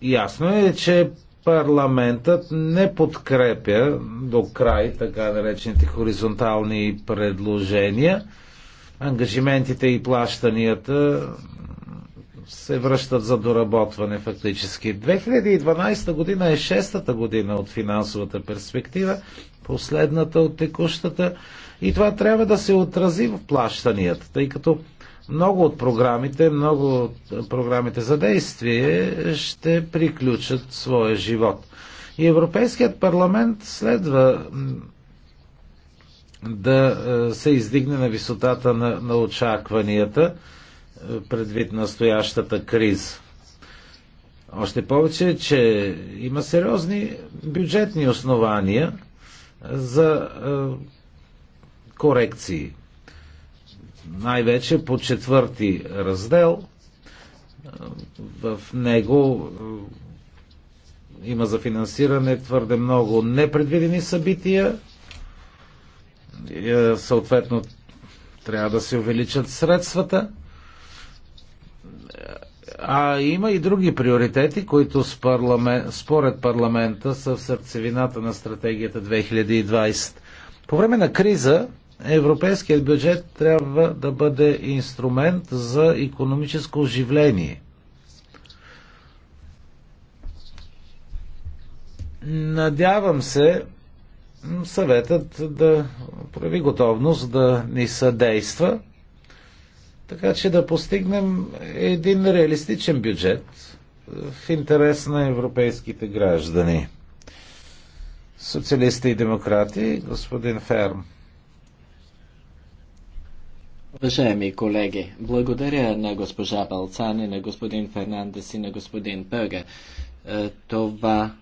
Ясно е, че парламентът не подкрепя до край така наречените хоризонтални предложения. Ангажиментите и плащанията се връщат за доработване фактически. 2012 година е шестата година от финансовата перспектива, последната от текущата и това трябва да се отрази в плащанията, тъй като много от програмите, много от програмите за действие ще приключат своя живот. И Европейският парламент следва да е, се издигне на висотата на, на очакванията предвид настоящата криза. Още повече, че има сериозни бюджетни основания за е, корекции. Най-вече по четвърти раздел. Е, в него е, има за финансиране твърде много непредвидени събития. Съответно, трябва да се увеличат средствата. А има и други приоритети, които според парламента са в сърцевината на стратегията 2020. По време на криза европейският бюджет трябва да бъде инструмент за економическо оживление. Надявам се съветът да прави готовност да ни съдейства така че да постигнем един реалистичен бюджет в интерес на европейските граждани. Социалисти и демократи, господин Ферм. Уважаеми колеги, благодаря на госпожа Балцани, на господин Фернандес и на господин Пъга. Е, това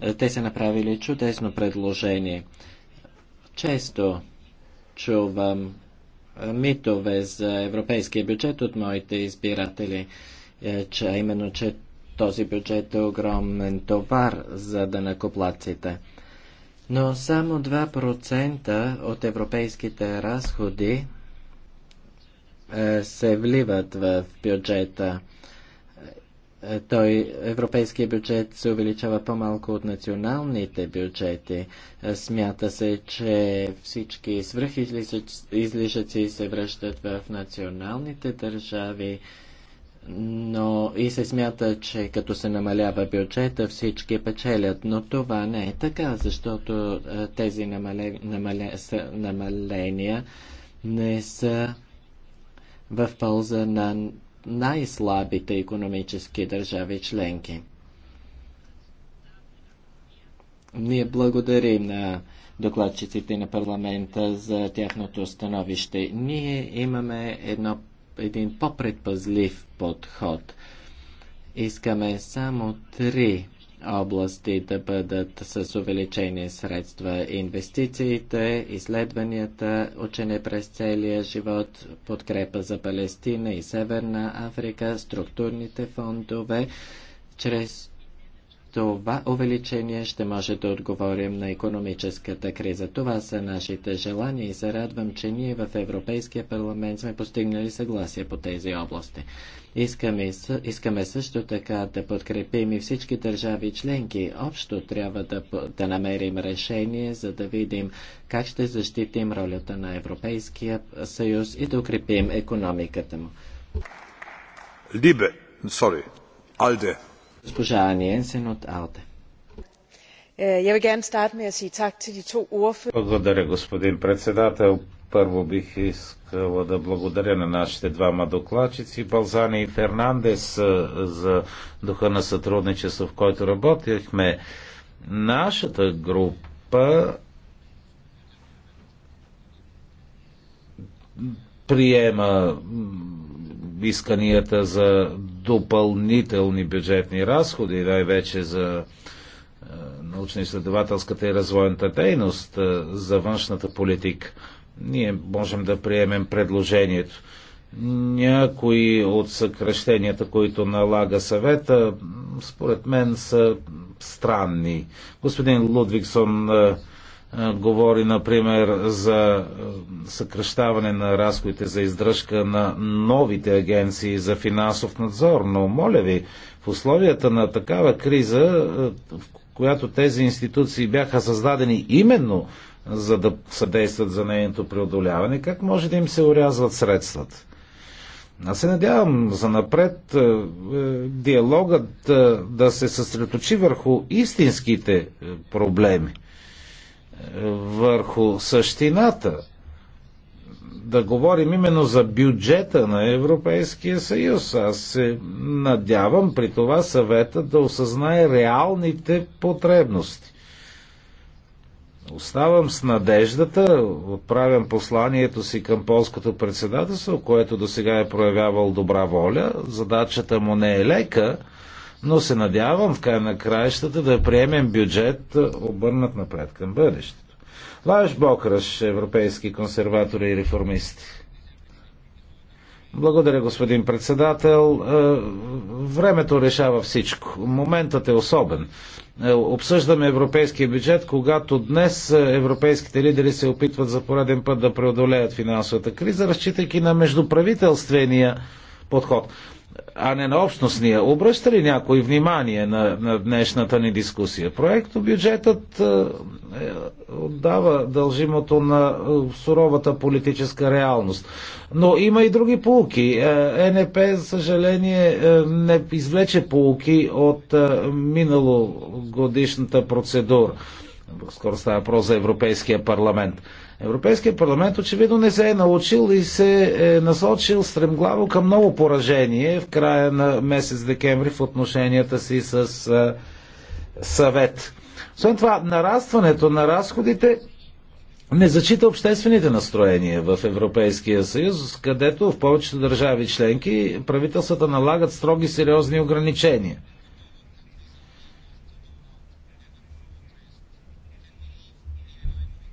е, те са направили чудесно предложение. Често чувам митове за европейския бюджет от моите избиратели, е, че, а именно, че този бюджет е огромен товар за данакоплаците. Но само 2% от европейските разходи е, се вливат в бюджета. Е, той, европейския бюджет се увеличава по-малко от националните бюджети. Е, смята се, че всички свръхизлишъци се връщат в националните държави, но и се смята, че като се намалява бюджета, всички печелят. Но това не е така, защото е, тези намале, намале, намаления не са в полза на най-слабите економически държави членки. Ние благодарим на докладчиците на парламента за тяхното становище. Ние имаме едно, един по-предпазлив подход. Искаме само три области да бъдат с увеличени средства инвестициите, изследванията, учене през целия живот, подкрепа за Палестина и Северна Африка, структурните фондове. Чрез това увеличение ще може да отговорим на економическата криза. Това са нашите желания и се радвам, че ние в Европейския парламент сме постигнали съгласие по тези области. Искаме, искаме също така да подкрепим и всички държави членки. Общо трябва да, да намерим решение, за да видим как ще защитим ролята на Европейския съюз и да укрепим економиката му. Либе, сори, Алде. Госпожа Енсен от Алте. Благодаря, господин председател. Първо бих искала да благодаря на нашите двама докладчици, Балзани и Фернандес, е, за духа на сътрудничество, в който работихме. Нашата група приема исканията за допълнителни бюджетни разходи, най-вече за е, научно-изследователската и развойната дейност е, за външната политика. Ние можем да приемем предложението. Някои от съкръщенията, които налага съвета, според мен са странни. Господин Лудвиксон е, говори, например, за съкръщаване на разходите за издръжка на новите агенции за финансов надзор. Но, моля ви, в условията на такава криза, в която тези институции бяха създадени именно за да съдействат за нейното преодоляване, как може да им се урязват средствата? Аз се надявам за напред е, диалогът да се съсредоточи върху истинските е, проблеми върху същината, да говорим именно за бюджета на Европейския съюз. Аз се надявам при това съвета да осъзнае реалните потребности. Оставам с надеждата, отправям посланието си към полското председателство, което до сега е проявявал добра воля. Задачата му не е лека, но се надявам в край на краищата да приемем бюджет е, обърнат напред към бъдещето. Лаш бокръш европейски консерватори и реформисти. Благодаря, господин председател. Е, времето решава всичко. Моментът е особен. Е, обсъждаме европейския бюджет, когато днес европейските лидери се опитват за пореден път да преодолеят финансовата криза, разчитайки на междуправителствения подход, а не на общностния. Обръща ли някой внимание на, на днешната ни дискусия? Проекто бюджетът е, е отдава дължимото на е, суровата политическа реалност. Но има и други полуки. Е, е НП, за съжаление, е, не извлече полуки от е, миналогодишната процедура. Скоро става про за Европейския парламент. Европейският парламент очевидно не се е научил и се е насочил стремглаво към ново поражение в края на месец декември в отношенията си с е, съвет. Освен това, нарастването на разходите не зачита обществените настроения в Европейския съюз, където в повечето държави членки правителствата налагат строги сериозни ограничения –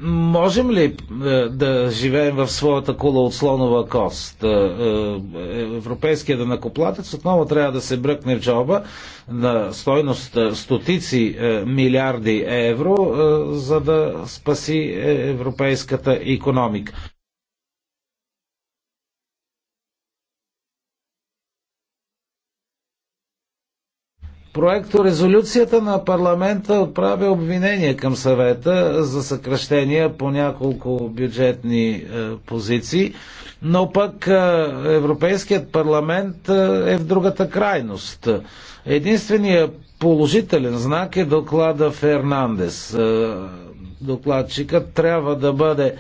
Можем ли е, да живеем в своята кула от слонова кост? Е, е, европейският данакоплатец отново трябва да се бръкне в джоба на стойност стотици милиарди евро, за да спаси европейската економика. Проекто резолюцията на парламента отправя обвинение към съвета за съкръщения по няколко бюджетни е, позиции, но пък е, Европейският парламент е, е в другата крайност. Единственият положителен знак е доклада Фернандес. Докладчикът трябва да бъде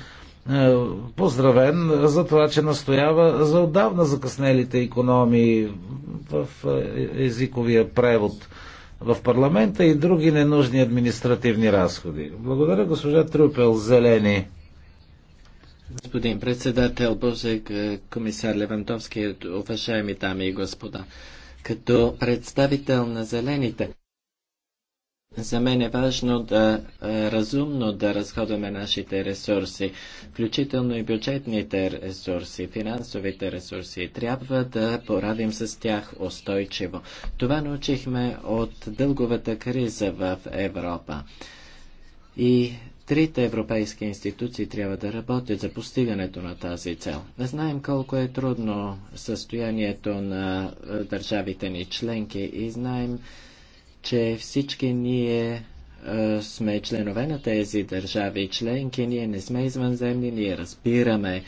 е, поздравен за това, че настоява за отдавна закъснелите економии в е, езиковия превод в парламента и други ненужни административни разходи. Благодаря госпожа Трюпел, Зелени. Господин председател, Боже, комисар Левантовски, уважаеми дами и господа, като представител на Зелените, за мен е важно да е, разумно да разходваме нашите ресурси, включително и бюджетните ресурси, финансовите ресурси. Трябва да поравим с тях устойчиво. Това научихме от дълговата криза в Европа. И трите европейски институции трябва да работят за постигането на тази цел. Не знаем колко е трудно състоянието на е, държавите ни членки и знаем, че всички ние е, сме членове на тези държави членки, ние не сме извънземни, ние разбираме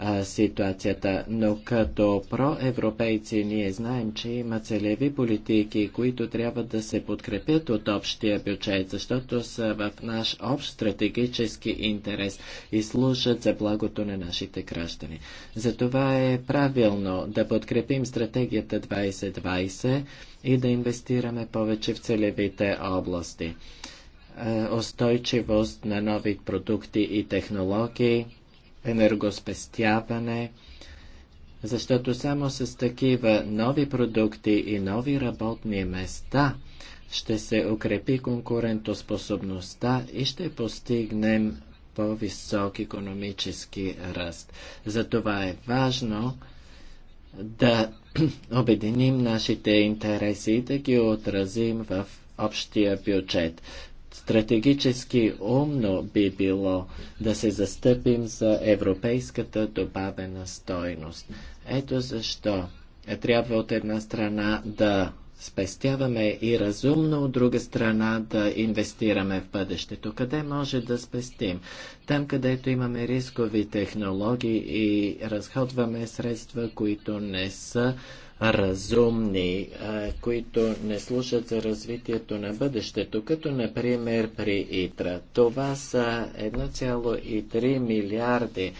а, ситуацията, но като проевропейци ние знаем, че има целеви политики, които трябва да се подкрепят от общия бюджет, защото са в наш общ стратегически интерес и служат за благото на нашите граждани. Затова е правилно да подкрепим стратегията 2020 и да инвестираме повече в целевите области. Устойчивост на нови продукти и технологии, енергоспестяване, защото само с такива нови продукти и нови работни места ще се укрепи конкурентоспособността и ще постигнем по-висок економически ръст. Затова е важно да [clears throat] обединим нашите интереси и да ги отразим в общия бюджет. Стратегически умно би било да се застъпим за европейската добавена стойност. Ето защо е, трябва от една страна да спестяваме и разумно, от друга страна да инвестираме в бъдещето. Къде може да спестим? Там, където имаме рискови технологии и разходваме средства, които не са разумни, които не служат за развитието на бъдещето, като например при ИТРА. Това са 1,3 милиарди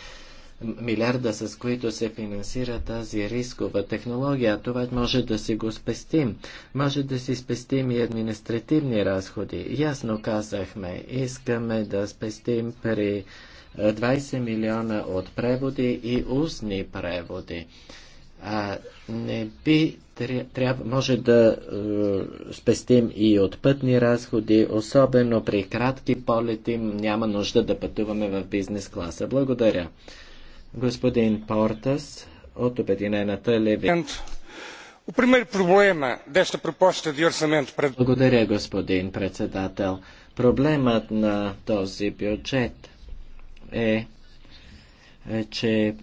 милиарда, с които се финансира тази рискова технология. Това може да си го спестим. Може да си спестим и административни разходи. Ясно казахме, искаме да спестим при 20 милиона от преводи и устни преводи. А, не би трябва, може да е, спестим и от пътни разходи, особено при кратки полети няма нужда да пътуваме в бизнес класа. Благодаря. Господин Портас от Обединената леви. Благодаря, господин председател. Проблемът на този бюджет е, е че е,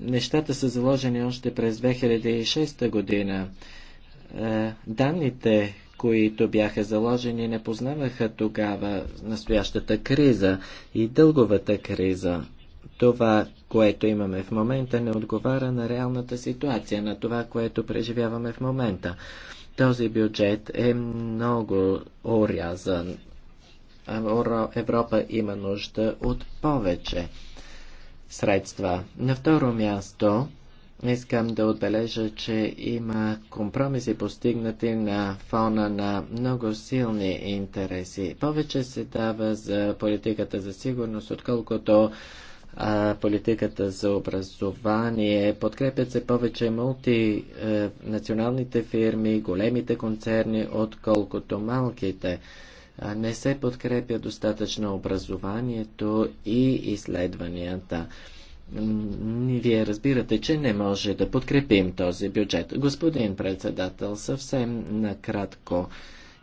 нещата са заложени още през 2006 година. Е, данните, които бяха заложени, не познаваха тогава настоящата криза и дълговата криза. Това, което имаме в момента, не отговаря на реалната ситуация, на това, което преживяваме в момента. Този бюджет е много орязан. Европа има нужда от повече средства. На второ място искам да отбележа, че има компромиси постигнати на фона на много силни интереси. Повече се дава за политиката за сигурност, отколкото а, политиката за образование. Подкрепят се повече мултинационалните е, фирми, големите концерни, отколкото малките не се подкрепя достатъчно образованието и изследванията. Вие разбирате, че не може да подкрепим този бюджет. Господин председател, съвсем накратко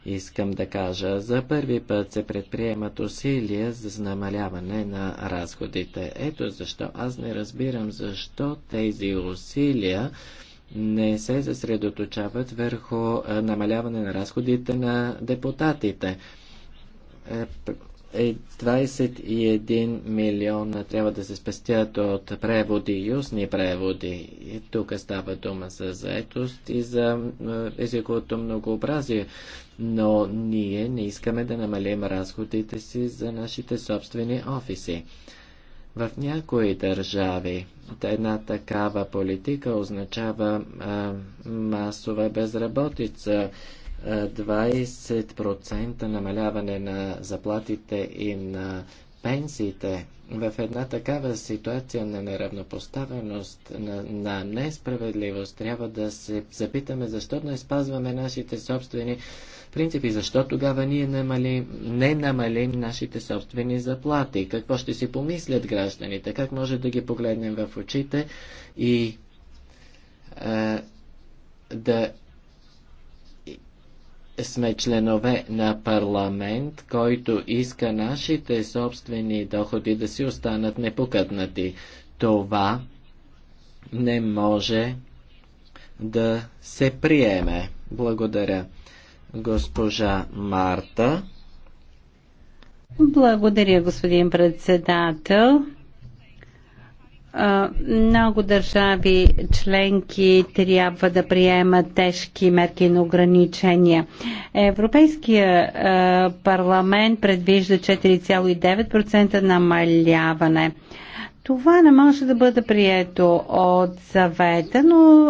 искам да кажа, за първи път се предприемат усилия за намаляване на разходите. Ето защо аз не разбирам защо тези усилия не се съсредоточават върху намаляване на разходите на депутатите. 21 е, милиона трябва да се спестят от преводи, устни преводи. И тук става дума за заетост и за езиковото многообразие. Но ние не искаме да намалим разходите си за нашите собствени офиси. В някои държави една такава политика означава а, масова безработица 20% намаляване на заплатите и на пенсиите. В една такава ситуация на неравнопоставеност, на, на несправедливост, трябва да се запитаме защо не спазваме нашите собствени принципи, защо тогава ние намалим, не намалим нашите собствени заплати, какво ще си помислят гражданите, как може да ги погледнем в очите и а, да сме членове на парламент, който иска нашите собствени доходи да си останат непокътнати. Това не може да се приеме. Благодаря. Госпожа Марта. Благодаря, господин председател. Много държави членки трябва да приемат тежки мерки на ограничения. Европейския парламент предвижда 4,9% намаляване. Това не може да бъде прието от съвета, но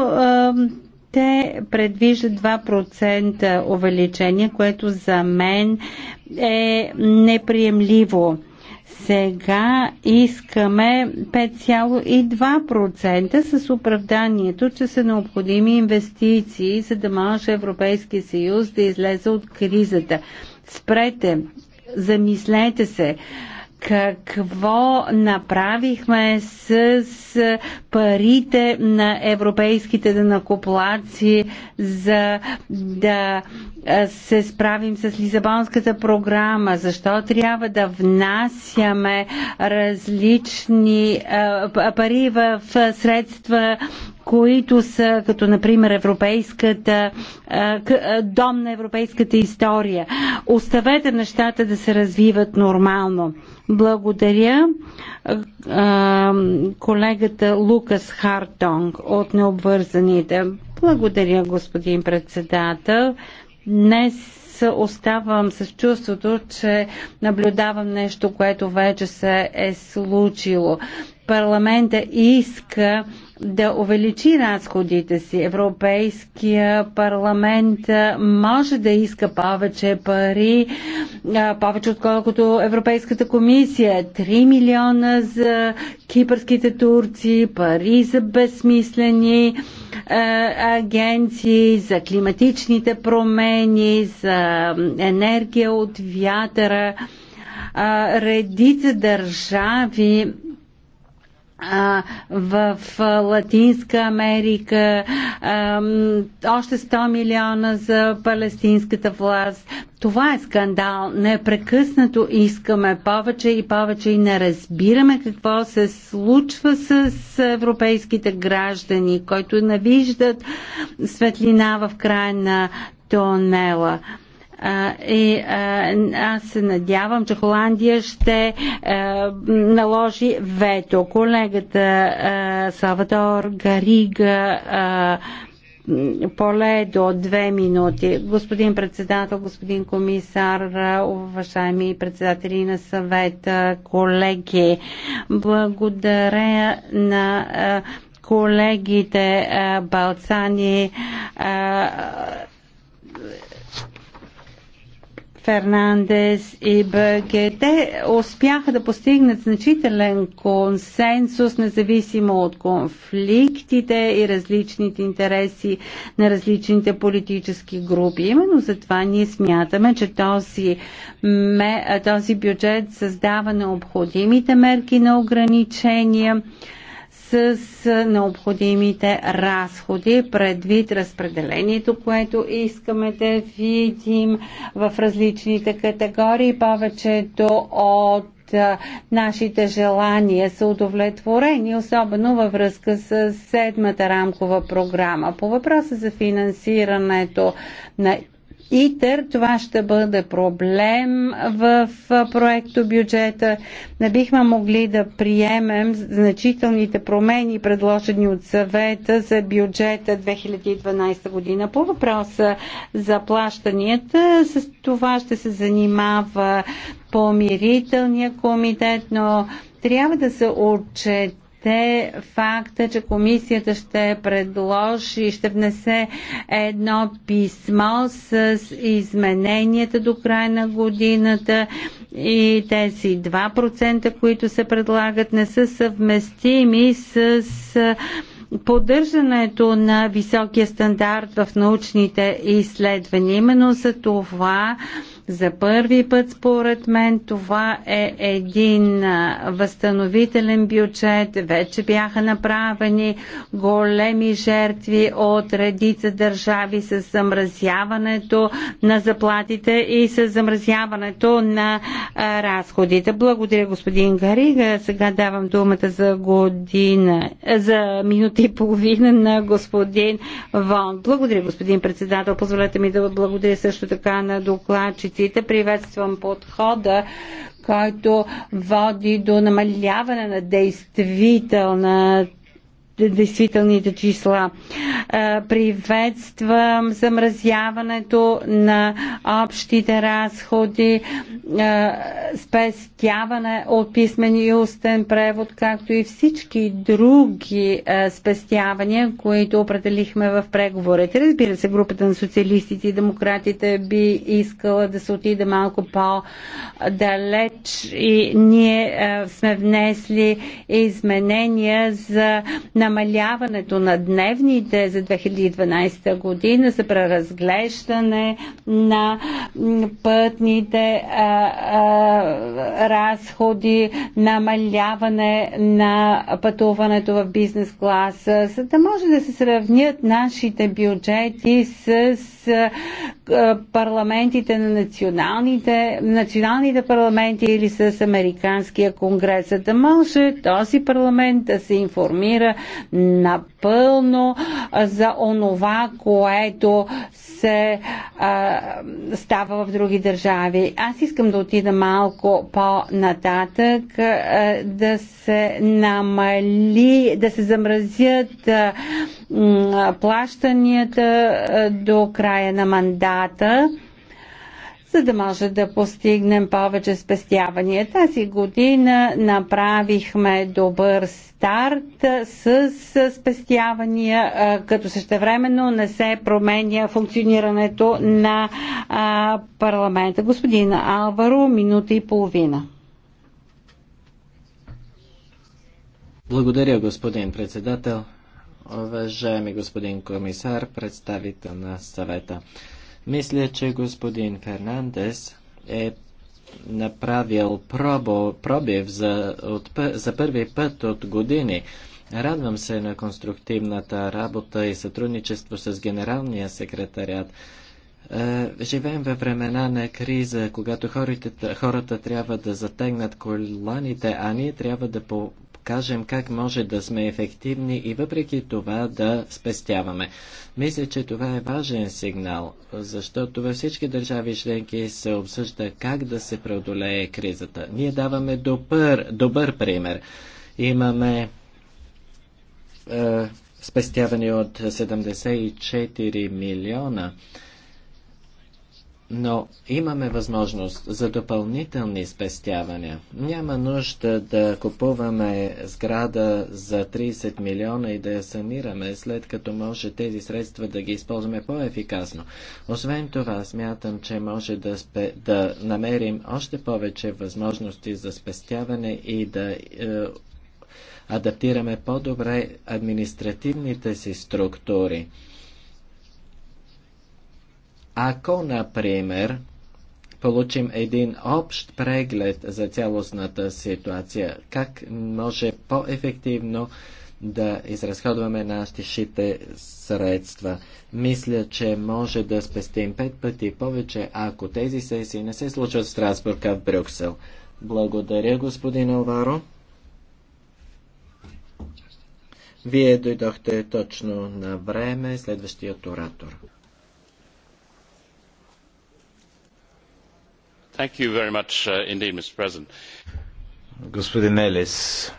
те предвиждат 2% увеличение, което за мен е неприемливо. Сега искаме 5,2% с оправданието, че са необходими инвестиции, за да може Европейския съюз да излезе от кризата. Спрете, замислете се какво направихме с парите на европейските данакоплаци за да се справим с Лизабонската програма, защо трябва да внасяме различни пари в средства, които са като, например, европейската, дом на европейската история. Оставете нещата да се развиват нормално. Благодаря колегата Лукас Хартонг от Необвързаните. Благодаря, господин председател. Днес оставам с чувството, че наблюдавам нещо, което вече се е случило. Парламента иска да увеличи разходите си. Европейския парламент може да иска повече пари, повече отколкото Европейската комисия. 3 милиона за кипърските турци, пари за безсмислени агенции, за климатичните промени, за енергия от вятъра. Редица държави в Латинска Америка, още 100 милиона за палестинската власт. Това е скандал. Непрекъснато искаме повече и повече и не разбираме какво се случва с европейските граждани, които не виждат светлина в края на тунела и аз се надявам, че Холандия ще е, наложи вето. Колегата е, Салвадор Гарига е, поле до две минути. Господин председател, господин комисар, уважаеми председатели на съвета, колеги, благодаря на колегите Балцани Фернандес и БГ. Те успяха да постигнат значителен консенсус, независимо от конфликтите и различните интереси на различните политически групи. Именно за това ние смятаме, че този, този бюджет създава необходимите мерки на ограничения с необходимите разходи предвид разпределението, което искаме да видим в различните категории. Повечето от нашите желания са удовлетворени, особено във връзка с седмата рамкова програма. По въпроса за финансирането на ИТЕР, това ще бъде проблем в проекто бюджета. Не бихме могли да приемем значителните промени, предложени от съвета за бюджета 2012 година. По въпроса за плащанията, с това ще се занимава помирителния комитет, но трябва да се отчете те факта, че комисията ще предложи, ще внесе едно писмо с измененията до края на годината и тези 2%, които се предлагат, не са съвместими с поддържането на високия стандарт в научните изследвания. Именно за това за първи път, според мен, това е един възстановителен бюджет. Вече бяха направени големи жертви от редица държави с замразяването на заплатите и с замразяването на разходите. Благодаря, господин Гарига. Сега давам думата за година, за минута и половина на господин Вон. Благодаря, господин председател. Позволете ми да благодаря също така на докладчите инвестициите. Приветствам подхода, който води до намаляване на действителната действителните числа. Приветствам замразяването на общите разходи, спестяване от писмен и устен превод, както и всички други спестявания, които определихме в преговорите. Разбира се, групата на социалистите и демократите би искала да се отиде малко по-далеч и ние сме внесли изменения за намаляването на дневните за 2012 година за преразглеждане на пътните а, а, разходи, намаляване на пътуването в бизнес класа, за да може да се сравнят нашите бюджети с парламентите на националните, националните парламенти или с Американския конгрес, за да може този парламент да се информира напълно за онова, което се а, става в други държави. Аз искам да отида малко по-нататък, да се намали, да се замразят а, плащанията до края на мандата, за да може да постигнем повече спестявания. Тази година направихме добър старт с спестявания, като същевременно не се променя функционирането на парламента. Господин Алваро, минута и половина. Благодаря, господин председател уважаеми господин комисар, представител на съвета. Мисля, че господин Фернандес е направил пробо, пробив за, от, за първи път от години. Радвам се на конструктивната работа и сътрудничество с Генералния секретарят. Е, живеем във времена на криза, когато хората, хората трябва да затегнат коланите, а ние трябва да по, кажем как може да сме ефективни и въпреки това да спестяваме. Мисля, че това е важен сигнал, защото във всички държави членки се обсъжда как да се преодолее кризата. Ние даваме добър, добър пример. Имаме е, спестяване от 74 милиона. Е, но имаме възможност за допълнителни спестявания. Няма нужда да купуваме сграда за 30 милиона и да я санираме, след като може тези средства да ги използваме по-ефикасно. Освен това, смятам, че може да, спе... да намерим още повече възможности за спестяване и да е, адаптираме по-добре административните си структури. Ако, например, получим един общ преглед за цялостната ситуация, как може по-ефективно да изразходваме нашите средства. Мисля, че може да спестим пет пъти повече, ако тези сесии не се случват в Страсбург, в Брюксел. Благодаря, господин Оваро, Вие дойдохте точно на време, следващият оратор. Uh, господин Елис,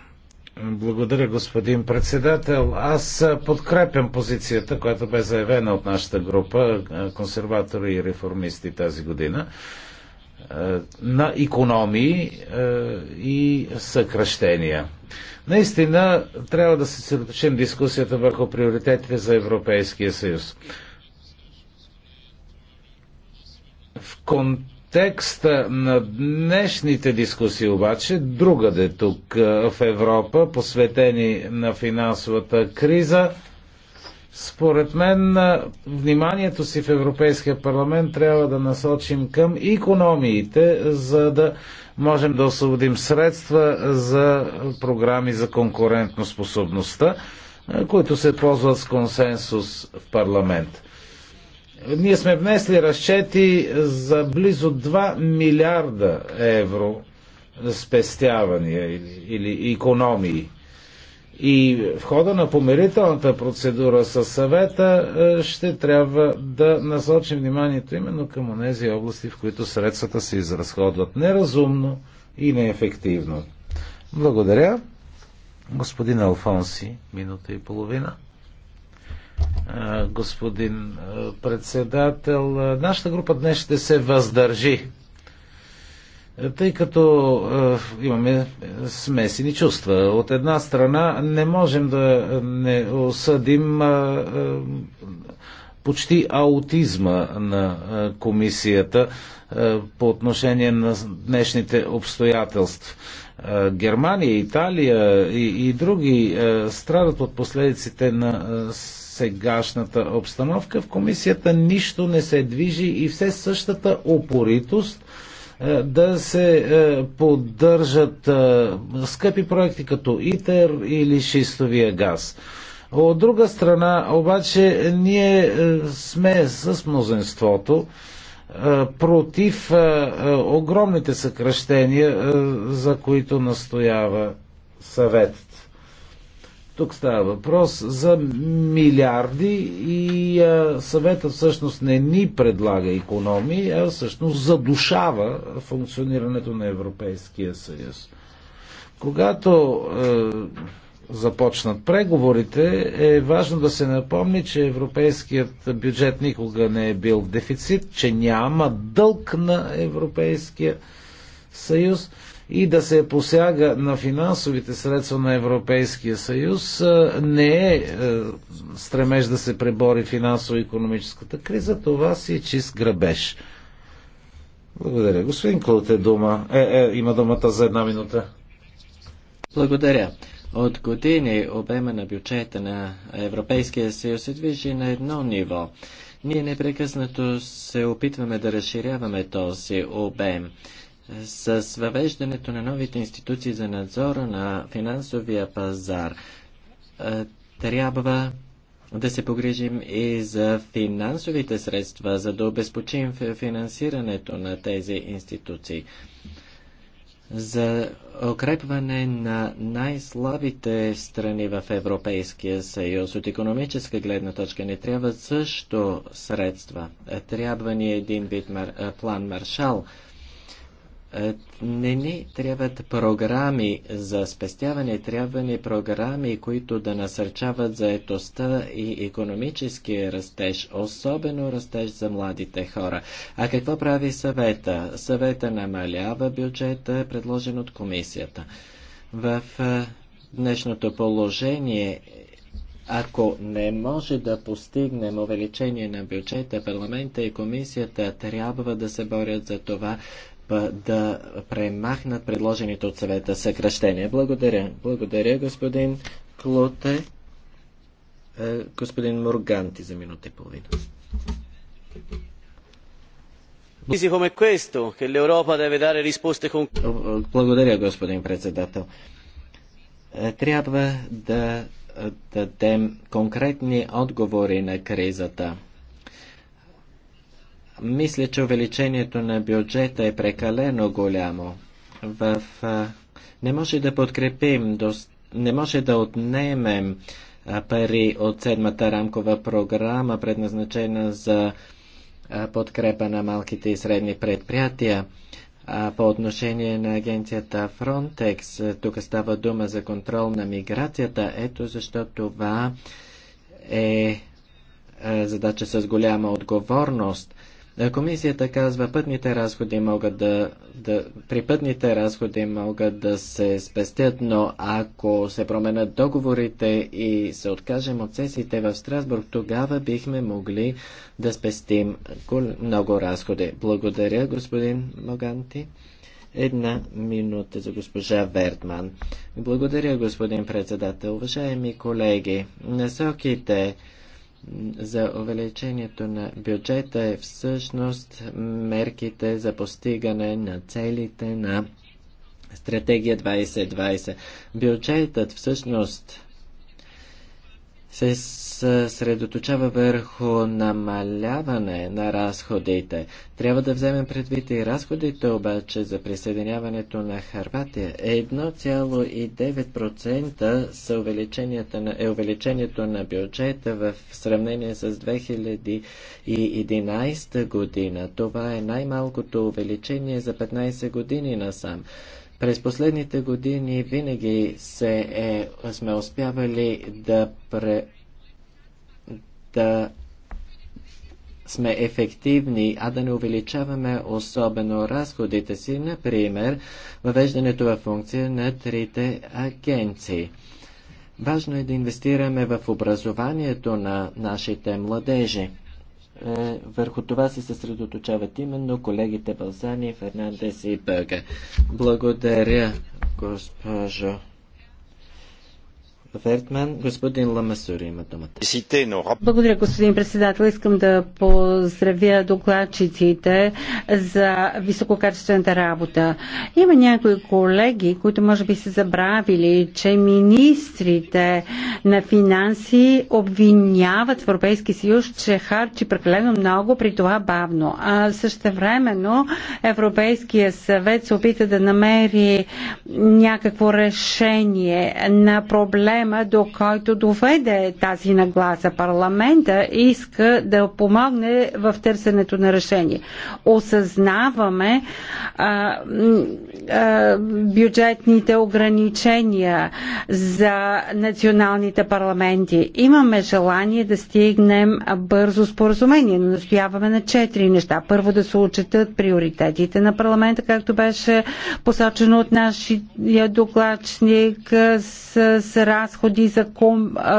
благодаря, господин председател. Аз подкрепям позицията, която бе заявена от нашата група, консерватори и реформисти тази година, на економии и съкръщения. Наистина, трябва да се съсредоточим дискусията върху приоритетите за Европейския съюз. В контекст Текста на днешните дискусии обаче, другаде тук е, в Европа, посветени на финансовата криза, според мен е, вниманието си в Европейския парламент трябва да насочим към економиите, за да можем да освободим средства за програми за конкурентно способността, е, които се ползват с консенсус в парламент. Ние сме внесли разчети за близо 2 милиарда евро спестявания или, економии. И в хода на помирителната процедура със съвета е, ще трябва да насочим вниманието именно към онези области, в които средствата се изразходват неразумно и неефективно. Благодаря. Господин Алфонси, минута и половина господин председател. Нашата група днес ще се въздържи, тъй като имаме смесени чувства. От една страна не можем да не осъдим почти аутизма на комисията по отношение на днешните обстоятелства. Германия, Италия и, и други страдат от последиците на сегашната обстановка. В комисията нищо не се движи и все същата опоритост е, да се е, поддържат е, скъпи проекти като ИТЕР или шистовия газ. От друга страна, обаче, ние сме с мнозинството против огромните съкръщения, за които настоява съветът. Тук става въпрос за милиарди и а, съвета всъщност не ни предлага економии, а всъщност задушава функционирането на Европейския съюз. Когато е, започнат преговорите, е важно да се напомни, че европейският бюджет никога не е бил в дефицит, че няма дълг на Европейския съюз и да се посяга на финансовите средства на Европейския съюз не е, е стремеж да се пребори финансово-економическата криза, това си е чист грабеж. Благодаря. Господин Клоте дума. Е, е, има думата за една минута. Благодаря. От години обема на бюджета на Европейския съюз се движи на едно ниво. Ние непрекъснато се опитваме да разширяваме този обем с въвеждането на новите институции за надзора на финансовия пазар. Е, трябва да се погрижим и за финансовите средства, за да обезпечим финансирането на тези институции. За укрепване на най-слабите страни в Европейския съюз от економическа гледна точка не трябва също средства. Е, трябва ни един вид е, план Маршал – е, не ни трябват програми за спестяване, трябва ни програми, които да насърчават заетостта и економическия растеж, особено растеж за младите хора. А какво прави съвета? Съвета намалява бюджета, предложен от комисията. В е, днешното положение ако не може да постигнем увеличение на бюджета, парламента и комисията трябва да се борят за това да премахнат предложените от съвета съкръщения. Благодаря. Благодаря, господин Клоте. Е, господин Морганти за минута и половина. Благодаря, господин председател. Е, трябва да е, дадем конкретни отговори на кризата. Мисля, че увеличението на бюджета е прекалено голямо. В, не може да подкрепим, не може да отнемем пари от седмата рамкова програма, предназначена за подкрепа на малките и средни предприятия. А по отношение на агенцията Frontex, тук става дума за контрол на миграцията. Ето защо това е задача с голяма отговорност. Е, комисията казва, пътните разходи могат да, да, при пътните разходи могат да се спестят, но ако се променят договорите и се откажем от сесиите в Страсбург, тогава бихме могли да спестим много разходи. Благодаря, господин Моганти. Една минута за госпожа Вертман. Благодаря, господин председател. Уважаеми колеги, насоките за увеличението на бюджета е всъщност мерките за постигане на целите на Стратегия 2020. Бюджетът всъщност се съсредоточава върху намаляване на разходите. Трябва да вземем предвид и разходите обаче за присъединяването на Харватия. 1,9% са увеличението на, е увеличението на бюджета в сравнение с 2011 година. Това е най-малкото увеличение за 15 години насам. През последните години винаги се е, сме успявали да, пре, да сме ефективни, а да не увеличаваме особено разходите си, например, въвеждането в функция на трите агенции. Важно е да инвестираме в образованието на нашите младежи. Е, върху това се съсредоточават именно колегите Балзани, Фернандес и Бълга. Благодаря, госпожо. Вертман. Господин Ламасур има думата. Благодаря, господин председател. Искам да поздравя докладчиците за висококачествената работа. Има някои колеги, които може би са забравили, че министрите на финанси обвиняват в Европейски съюз, че харчи прекалено много, при това бавно. А същевременно Европейския съвет се опита да намери някакво решение на проблема проблема, до който доведе тази нагласа. Парламента иска да помогне в търсенето на решение. Осъзнаваме а, а, бюджетните ограничения за националните парламенти. Имаме желание да стигнем бързо споразумение, но настояваме на четири неща. Първо да се учетат приоритетите на парламента, както беше посочено от нашия докладчник с, с раз разходи за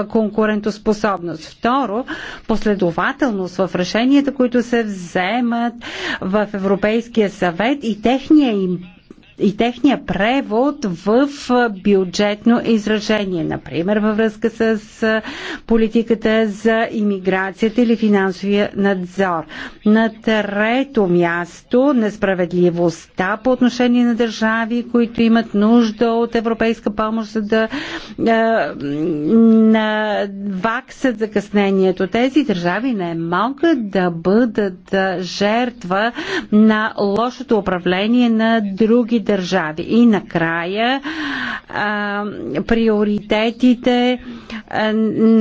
конкурентоспособност. Второ, последователност в решенията, които се вземат в Европейския съвет и техния им и техния превод в бюджетно изражение, например във връзка с политиката за иммиграцията или финансовия надзор. На трето място несправедливостта по отношение на държави, които имат нужда от европейска помощ, за да е, наваксат закъснението. Тези държави не могат да бъдат жертва на лошото управление на други държави. И накрая а, приоритетите а,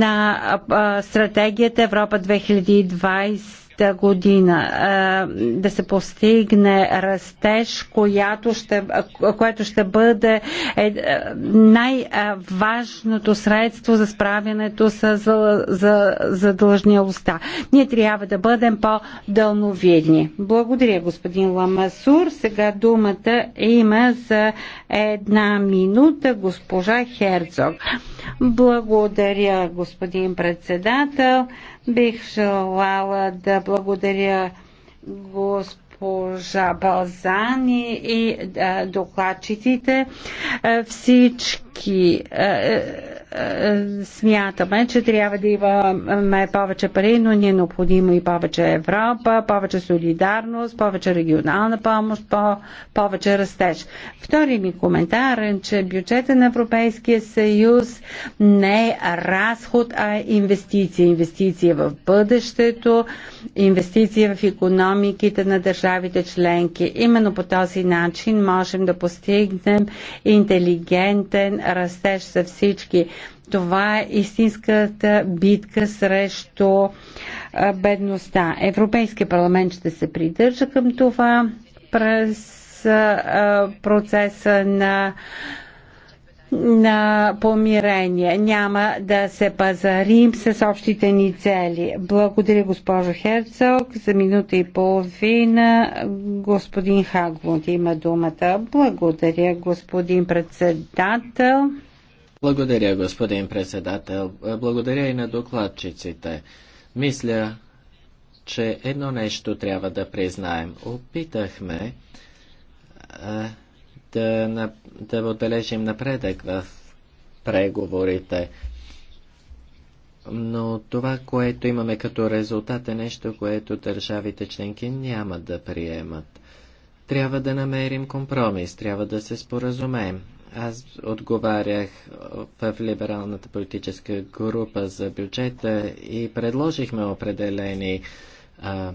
на а, стратегията Европа 2020 година да се постигне растеж, която ще, което ще бъде е, най-важното средство за справянето с За, За Ние трябва да бъдем по-дълновидни. Благодаря, господин Ламасур. Сега думата има за една минута госпожа Херцог. Благодаря, господин председател. Бих желала да благодаря госпожа Балзани и докладчиците. Всички смятаме, че трябва да имаме повече пари, но ни е необходимо и повече Европа, повече солидарност, повече регионална помощ, по- повече растеж. Втори ми коментар е, че бюджета на Европейския съюз не е разход, а е инвестиция. Инвестиция в бъдещето, инвестиция в економиките на държавите членки. Именно по този начин можем да постигнем интелигентен растеж за всички. Това е истинската битка срещу бедността. Европейския парламент ще се придържа към това през процеса на на помирение. Няма да се пазарим с общите ни цели. Благодаря госпожо Херцог. За минута и половина господин Хаглунд има думата. Благодаря господин председател. Благодаря, господин председател. Благодаря и на докладчиците. Мисля, че едно нещо трябва да признаем. Опитахме да, да отбележим напредък в преговорите. Но това, което имаме като резултат е нещо, което държавите членки няма да приемат. Трябва да намерим компромис, трябва да се споразумеем. Аз отговарях в либералната политическа група за бюджета и предложихме определени а,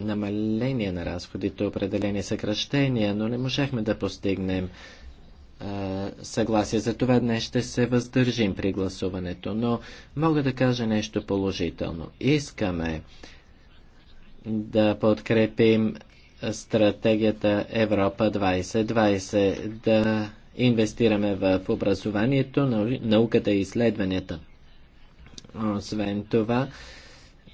намаления на разходите, определени съкръщения, но не можехме да постигнем а, съгласие. За това днес ще се въздържим при гласуването, но мога да кажа нещо положително. Искаме да подкрепим стратегията Европа 2020, да инвестираме в образованието, науката и изследванията. Освен това,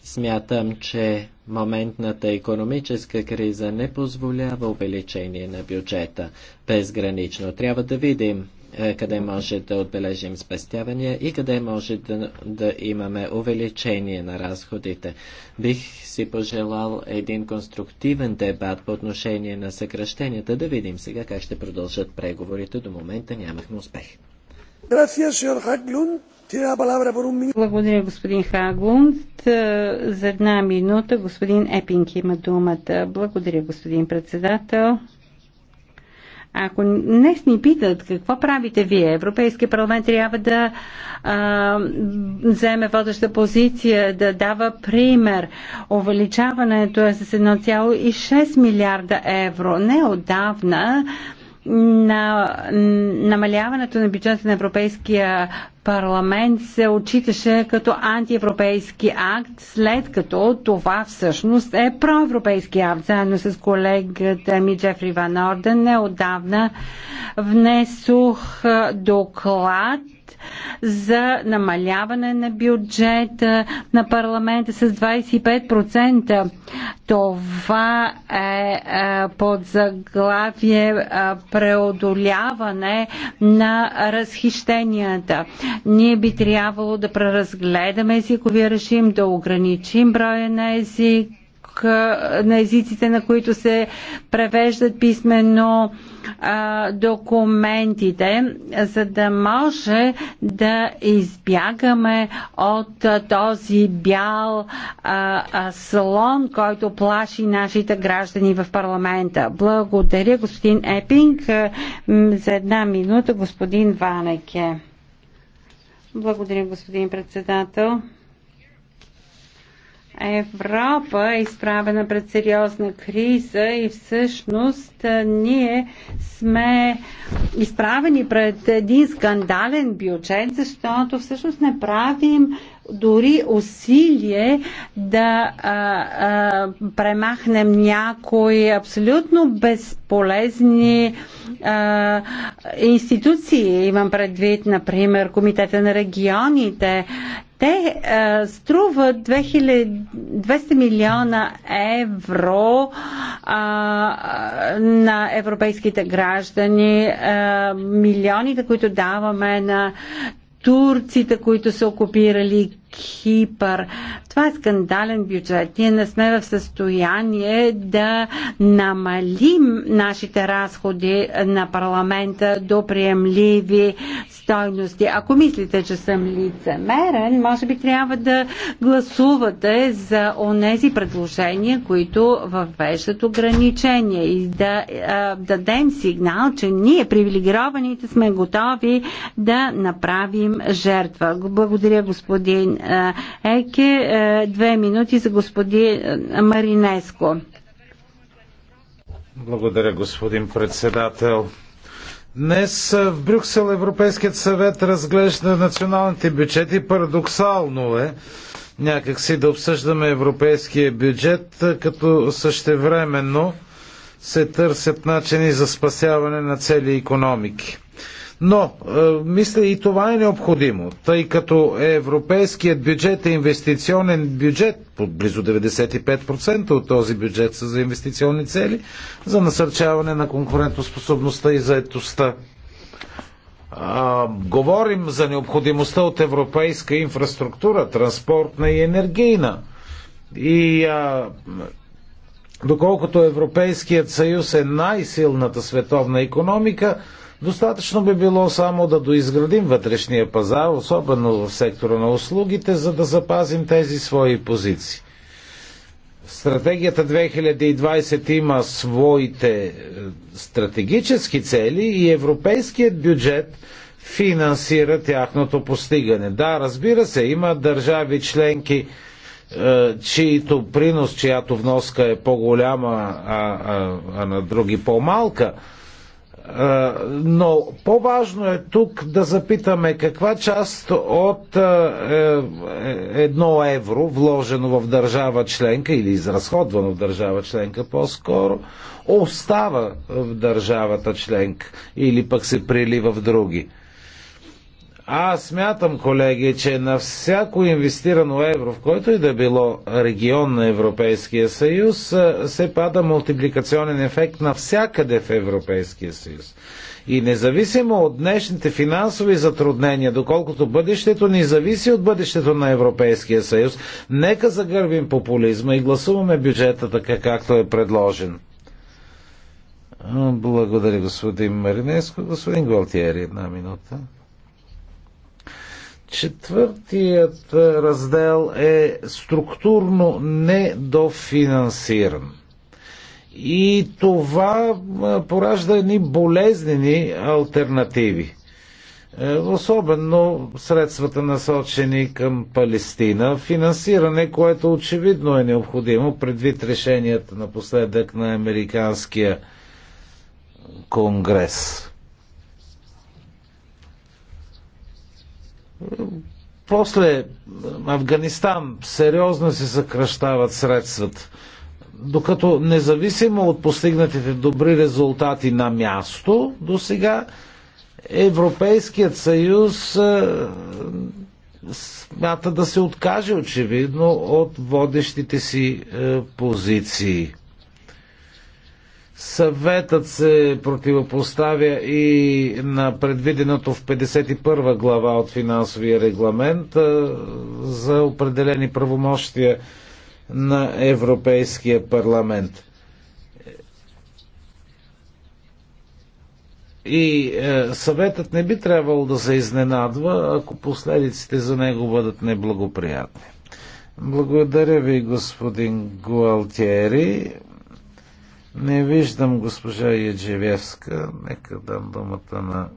смятам, че моментната економическа криза не позволява увеличение на бюджета безгранично. Трябва да видим е, къде може да отбележим спестявания и къде може да, да имаме увеличение на разходите. Бих си пожелал един конструктивен дебат по отношение на съкръщенията. Да видим сега как ще продължат преговорите. До момента нямахме успех. Благодаря, господин Хаглунд. Е, за една минута господин Епинг има думата. Благодаря, господин председател. Ако днес ни питат какво правите вие, Европейския парламент трябва да а, вземе водеща позиция, да дава пример. Увеличаването е с 1,6 милиарда евро. Не отдавна на намаляването на бюджета на Европейския парламент се отчиташе като антиевропейски акт, след като това всъщност е проевропейски акт. Заедно с колегата ми Джефри Ван Орден неодавна внесох доклад за намаляване на бюджета на парламента с 25%. Това е, е под заглавие е, преодоляване на разхищенията. Ние би трябвало да преразгледаме езиковия режим, да ограничим броя на език, тук на езиците, на които се превеждат писменно документите, за да може да избягаме от този бял слон, който плаши нашите граждани в парламента. Благодаря, господин Епинг. За една минута господин Ванеке. Благодаря, господин председател. Европа е изправена пред сериозна криза и всъщност ние сме изправени пред един скандален бюджет, защото всъщност не правим дори усилие да а, а, премахнем някои абсолютно безполезни а, институции. Имам предвид, например, Комитета на регионите те а, е, струват 2000, 200 милиона евро а, на европейските граждани, а, е, милионите, които даваме на турците, които са окупирали Кипър. Това е скандален бюджет. Ние не сме в състояние да намалим нашите разходи на парламента до приемливи стойности. Ако мислите, че съм лицемерен, може би трябва да гласувате за онези предложения, които въвеждат ограничения и да а, дадем сигнал, че ние привилегированите сме готови да направим бъдем жертва. Благодаря господин Еке. Две минути за господин Маринеско. Благодаря, господин председател. Днес в Брюксел Европейският съвет разглежда националните бюджети. Парадоксално е някакси да обсъждаме европейския бюджет, като същевременно се търсят начини за спасяване на цели економики. Но, е, мисля, и това е необходимо, тъй като европейският бюджет е инвестиционен бюджет, под близо 95% от този бюджет са за инвестиционни цели, за насърчаване на конкурентоспособността и А, говорим за необходимостта от европейска инфраструктура, транспортна и енергийна. И а, доколкото Европейският съюз е най-силната световна економика, Достатъчно би било само да доизградим вътрешния пазар, особено в сектора на услугите, за да запазим тези свои позиции. Стратегията 2020 има своите е, стратегически цели и европейският бюджет финансира тяхното постигане. Да, разбира се, има държави членки, е, чието принос, чиято вноска е по-голяма, а, а, а на други по-малка. Но по-важно е тук да запитаме каква част от е, е, едно евро, вложено в държава членка или изразходвано в държава членка по-скоро, остава в държавата членка или пък се прилива в други. Аз смятам, колеги, че на всяко инвестирано евро, в който и да било регион на Европейския съюз, се пада мултипликационен ефект навсякъде в Европейския съюз. И независимо от днешните финансови затруднения, доколкото бъдещето ни зависи от бъдещето на Европейския съюз, нека загърбим популизма и гласуваме бюджета така, както е предложен. Благодаря, господин Маринеско. Господин Голтиери, една минута. Четвъртият е, раздел е структурно недофинансиран. И това е, поражда едни болезнени альтернативи. Е, особено средствата насочени към Палестина. Финансиране, което очевидно е необходимо предвид решенията напоследък на Американския конгрес. После Афганистан сериозно се съкръщават средствата. Докато независимо от постигнатите добри резултати на място до сега, Европейският съюз е, смята да се откаже очевидно от водещите си е, позиции. Съветът се противопоставя и на предвиденото в 51 глава от финансовия регламент за определени правомощия на Европейския парламент. И е, съветът не би трябвало да се изненадва, ако последиците за него бъдат неблагоприятни. Благодаря ви, господин Гуалтиери. Не виждам госпожа Яджевевска. Нека дам думата на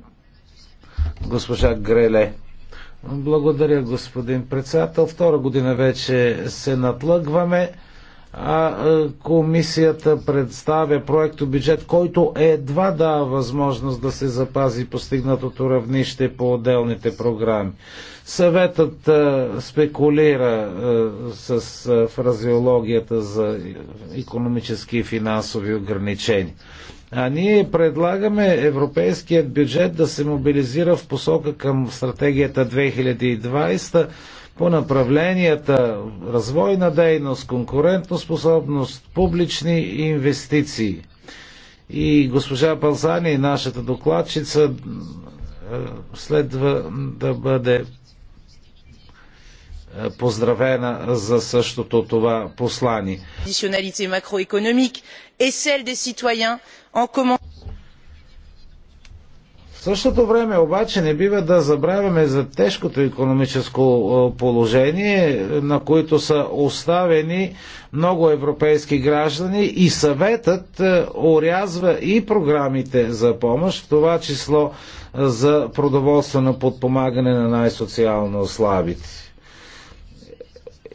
госпожа Греле. Благодаря, господин председател. Втора година вече се надлъгваме а комисията представя проекто бюджет, който едва дава възможност да се запази постигнатото равнище по отделните програми. Съветът спекулира с фразеологията за економически и финансови ограничения. А ние предлагаме европейският бюджет да се мобилизира в посока към стратегията 2020 по направленията развойна дейност, конкурентоспособност, публични инвестиции. И госпожа Палзани, нашата докладчица, е, следва да бъде е, поздравена за същото това послание. Позиционалите макроекономик et цел des citoyens en същото време обаче не бива да забравяме за тежкото економическо е, положение, на които са оставени много европейски граждани и съветът е, орязва и програмите за помощ, в това число е, за продоволствено подпомагане на най-социално слабите.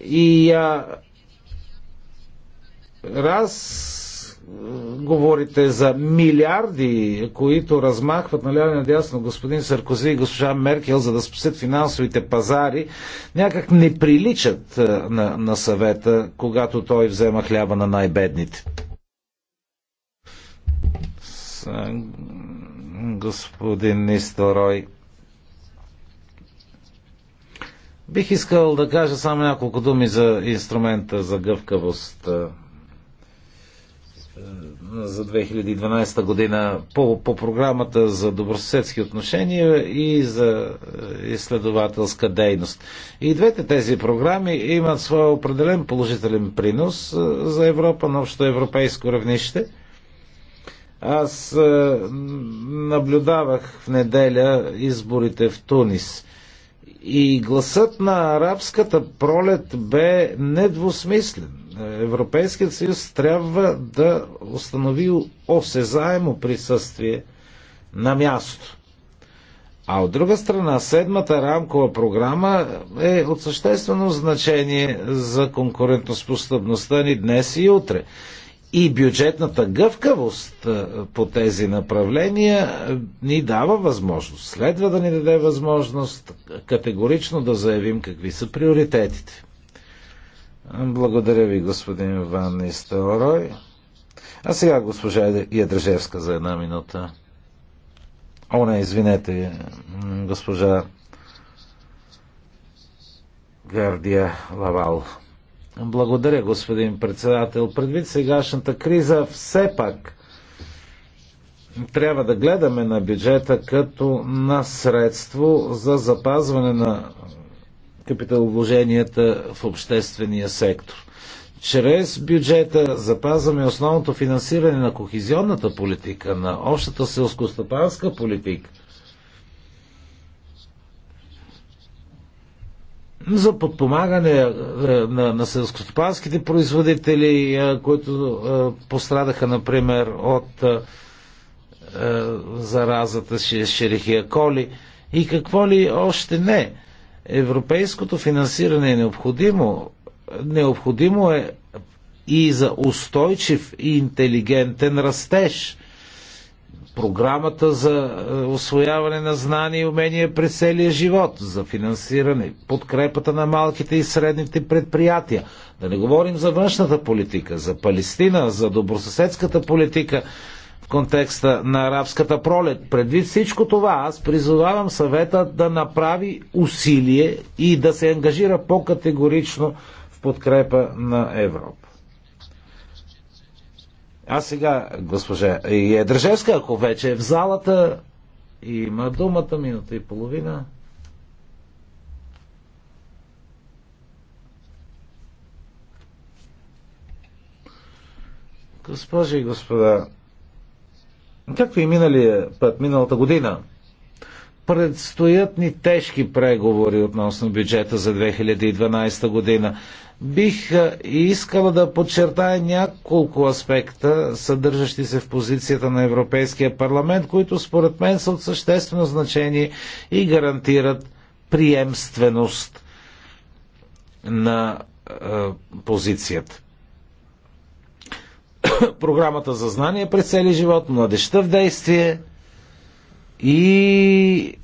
И а, раз говорите за милиарди, които размахват наляво и надясно господин Саркози и госпожа Меркел, за да спасят финансовите пазари, някак не приличат е, на, на съвета, когато той взема хляба на най-бедните. Господин Нисторой. Бих искал да кажа само няколко думи за инструмента за гъвкавост е, за 2012 година по, по програмата за добросъседски отношения и за е, изследователска дейност. И двете тези програми имат своя определен положителен принос е, за Европа на общо европейско равнище. Аз е, наблюдавах в неделя изборите в Тунис. И гласът на арабската пролет бе недвусмислен Европейският съюз трябва да установи осезаемо присъствие на място. А от друга страна, седмата рамкова програма е от съществено значение за конкурентоспособността ни днес и утре. И бюджетната гъвкавост по тези направления ни дава възможност. Следва да ни даде възможност категорично да заявим какви са приоритетите. Благодаря ви, господин Ван Истеорой. А сега госпожа Ядрежевска за една минута. О, не, извинете, госпожа Гардия Лавал. Благодаря, господин председател. Предвид сегашната криза, все пак трябва да гледаме на бюджета като на средство за запазване на капиталовложенията в обществения сектор. Чрез бюджета запазваме основното финансиране на кохизионната политика, на общата селскостопанска политика. за подпомагане е, на, на селскостопанските производители, е, които е, пострадаха, например, от заразата шерихия коли и какво ли още не. Европейското финансиране е необходимо. Необходимо е и за устойчив и интелигентен растеж. Програмата за е, освояване на знания и умения през целия живот, за финансиране, подкрепата на малките и средните предприятия. Да не говорим за външната политика, за Палестина, за добросъседската политика контекста на арабската пролет. Предвид всичко това, аз призовавам съвета да направи усилие и да се ангажира по-категорично в подкрепа на Европа. А сега, госпожа Едржевска, ако вече е в залата, има думата, минута и половина. Госпожи и господа, Както и миналия път, миналата година, предстоят ни тежки преговори относно бюджета за 2012 година. Бих искала да подчертая няколко аспекта, съдържащи се в позицията на Европейския парламент, които според мен са от съществено значение и гарантират приемственост на е, позицията. [coughs] програмата за знание през цели живот, младеща в действие и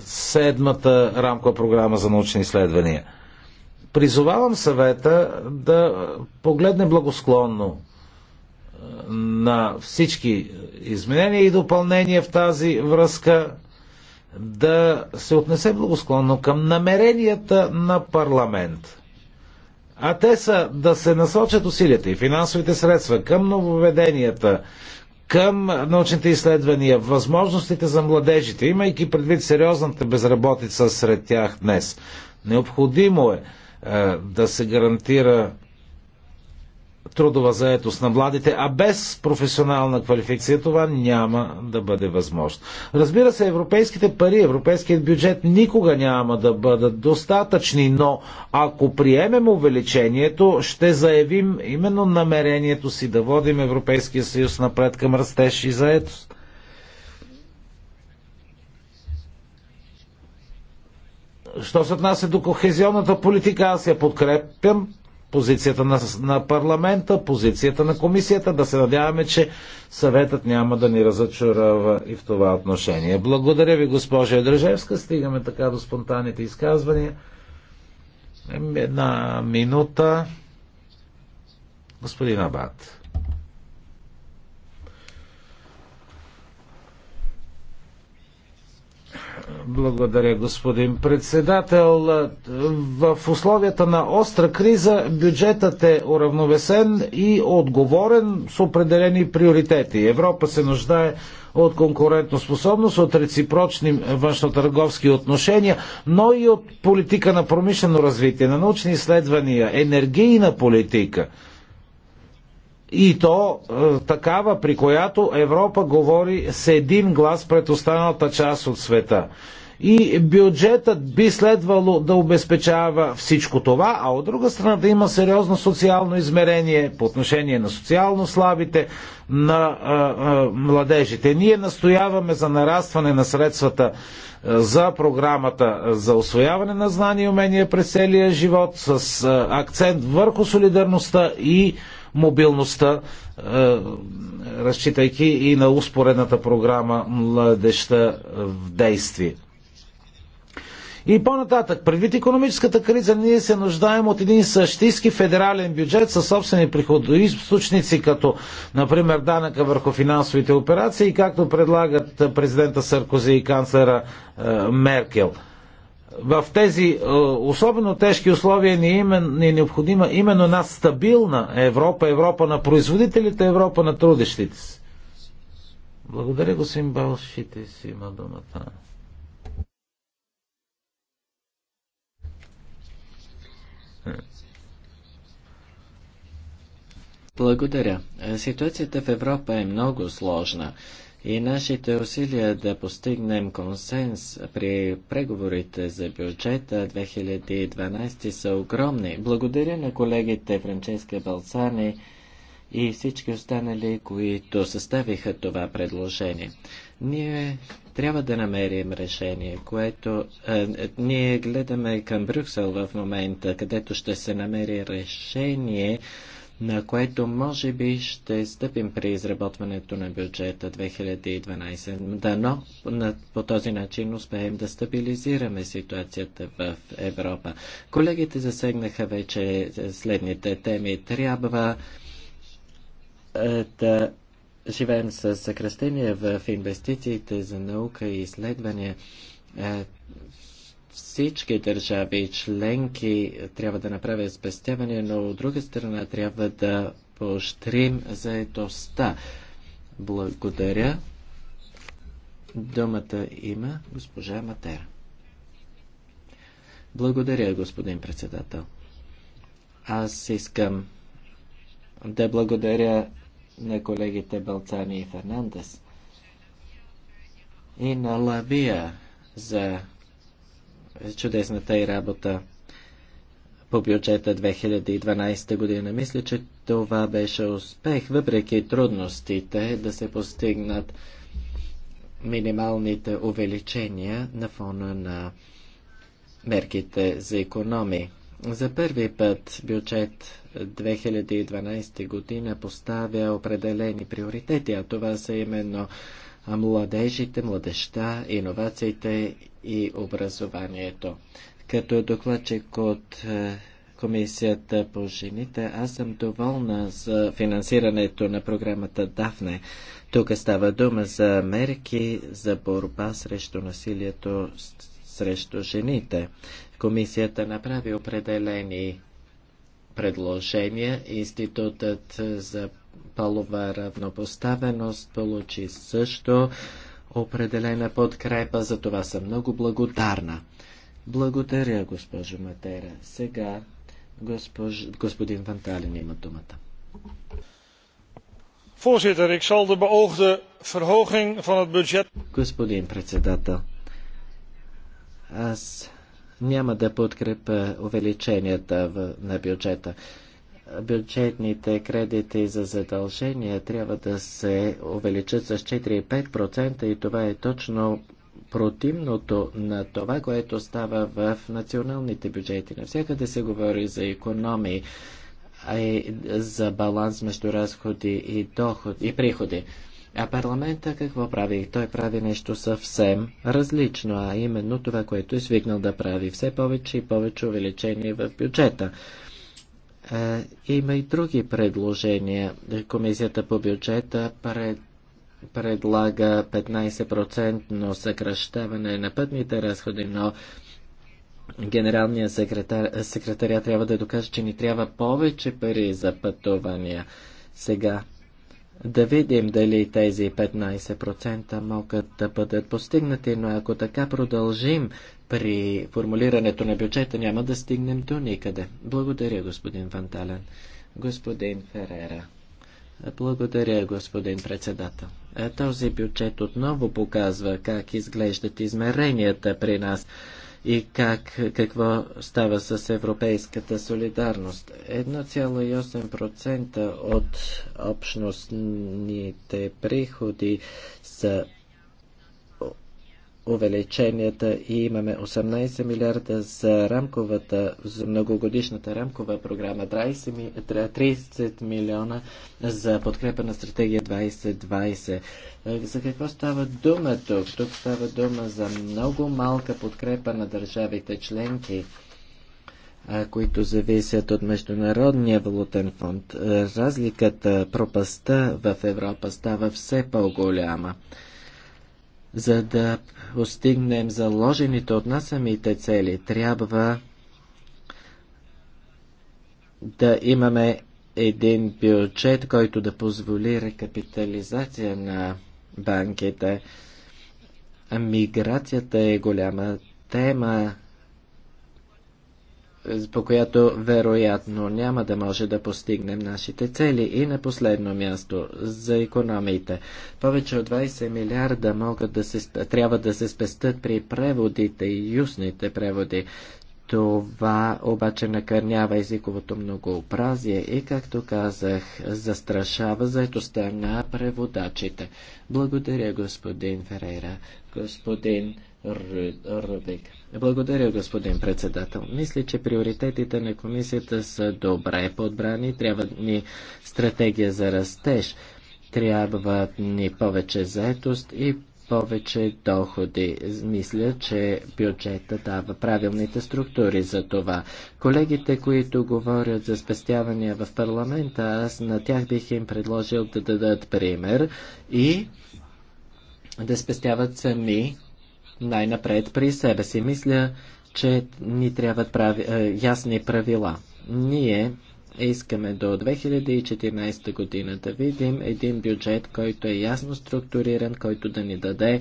седмата рамкова програма за научни изследвания. Призовавам съвета да погледне благосклонно е, на всички изменения и допълнения в тази връзка, да се отнесе благосклонно към намеренията на парламент – а те са да се насочат усилията и финансовите средства към нововведенията, към научните изследвания, възможностите за младежите, имайки предвид сериозната безработица сред тях днес. Необходимо е, е да се гарантира трудова заетост на младите, а без професионална квалификация това няма да бъде възможно. Разбира се, европейските пари, европейският бюджет никога няма да бъдат достатъчни, но ако приемем увеличението, ще заявим именно намерението си да водим Европейския съюз напред към растеж и заетост. Що се отнася до кохезионната политика, аз я подкрепям позицията на, на парламента, позицията на комисията. Да се надяваме, че съветът няма да ни разочарова и в това отношение. Благодаря ви, госпожа Дръжевска. Стигаме така до спонтанните изказвания. Една минута. Господин Абат. Благодаря, господин председател. В условията на остра криза бюджетът е уравновесен и отговорен с определени приоритети. Европа се нуждае от конкурентоспособност, от реципрочни външно-търговски отношения, но и от политика на промишлено развитие, на научни изследвания, енергийна политика – и то е, такава, при която Европа говори с един глас пред останалата част от света. И бюджетът би следвало да обезпечава всичко това, а от друга страна да има сериозно социално измерение по отношение на социално слабите, на а, е, а, е, младежите. Ние настояваме за нарастване на средствата за програмата за освояване на знания и умения през целия живот с акцент върху солидарността и мобилността, е, разчитайки и на успоредната програма Младеща в действие. И по-нататък, предвид економическата криза, ние се нуждаем от един същински федерален бюджет със собствени приходоисточници, като, например, данъка върху финансовите операции, както предлагат президента Саркози и канцлера е, Меркел – в тези е, особено тежки условия е ни е, необходима именно една стабилна Европа, Европа на производителите, Европа на трудещите си. Благодаря, господин Балшите си има думата. Благодаря. Ситуацията в Европа е много сложна. И нашите усилия да постигнем консенс при преговорите за бюджета 2012 са огромни. Благодаря на колегите Франческа Балцани и всички останали, които съставиха това предложение. Ние трябва да намерим решение, което е, ние гледаме към Брюксел в момента, където ще се намери решение на което може би ще стъпим при изработването на бюджета 2012. Дано по този начин успеем да стабилизираме ситуацията в Европа. Колегите засегнаха вече следните теми. Трябва е, да живеем с съкрастение в инвестициите за наука и изследвания. Е, всички държави и членки трябва да направят спестяване, но от друга страна трябва да поощрим заедостта. Благодаря. Думата има госпожа Матера. Благодаря, господин председател. Аз искам да благодаря на колегите Балцани и Фернандес и на Лавия за чудесната и работа по бюджета 2012 година. Мисля, че това беше успех, въпреки трудностите да се постигнат минималните увеличения на фона на мерките за економи. За първи път бюджет 2012 година поставя определени приоритети, а това са именно младежите, младеща, иновациите и образованието. Като докладчик от е, Комисията по жените, аз съм доволна за финансирането на програмата Дафне. Тук става дума за мерки за борба срещу насилието срещу жените. Комисията направи определени предложения. Институтът за полова равнопоставеност получи също определена подкрепа, за това съм много благодарна. Благодаря, госпожо Матера. Сега госпож... господин Ванталин има думата. Voorzitter, ik zal de beoogde verhoging van het budget... Господин председател, аз няма да подкрепя увеличенията в, на бюджета бюджетните кредити за задължения трябва да се увеличат с 4-5% и това е точно противното на това, което става в националните бюджети. Навсякъде се говори за економии, а и за баланс между разходи и, доход, и приходи. А парламента какво прави? Той прави нещо съвсем различно, а именно това, което е свикнал да прави. Все повече и повече увеличение в бюджета. Е, има и други предложения. Комисията по бюджета пред предлага 15% съкръщаване на пътните разходи, но генералният секретар, секретаря трябва да докаже, че ни трябва повече пари за пътувания. Сега да видим дали тези 15% могат да бъдат постигнати, но ако така продължим, при формулирането на бюджета няма да стигнем до никъде. Благодаря, господин Вантален. Господин Ферера. Благодаря, господин председател. Е, този бюджет отново показва как изглеждат измеренията при нас и как, какво става с европейската солидарност. 1,8% от общностните приходи са увеличенията и имаме 18 милиарда за рамковата, за многогодишната рамкова програма, 30, 30 милиона за подкрепа на стратегия 2020. За какво става дума тук? Тук става дума за много малка подкрепа на държавите членки които зависят от Международния валутен фонд. Разликата, пропаста в Европа става все по-голяма. За да постигнем заложените от нас самите цели. Трябва да имаме един бюджет, който да позволи рекапитализация на банките. Миграцията е голяма тема по която вероятно няма да може да постигнем нашите цели. И на последно място за економиите. Повече от 20 милиарда могат да се, трябва да се спестят при преводите и юсните преводи. Това обаче накърнява езиковото многообразие и, както казах, застрашава заетостта на преводачите. Благодаря, господин Ферейра. Господин Рубик. Благодаря, господин председател. Мисля, че приоритетите на комисията са добре подбрани. Трябва ни стратегия за растеж. Трябва ни повече заетост и повече доходи. Мисля, че бюджета дава правилните структури за това. Колегите, които говорят за спестявания в парламента, аз на тях бих им предложил да дадат пример и да спестяват сами най-напред при себе си. Мисля, че ни трябват прави, е, ясни правила. Ние искаме до 2014 година да видим един бюджет, който е ясно структуриран, който да ни даде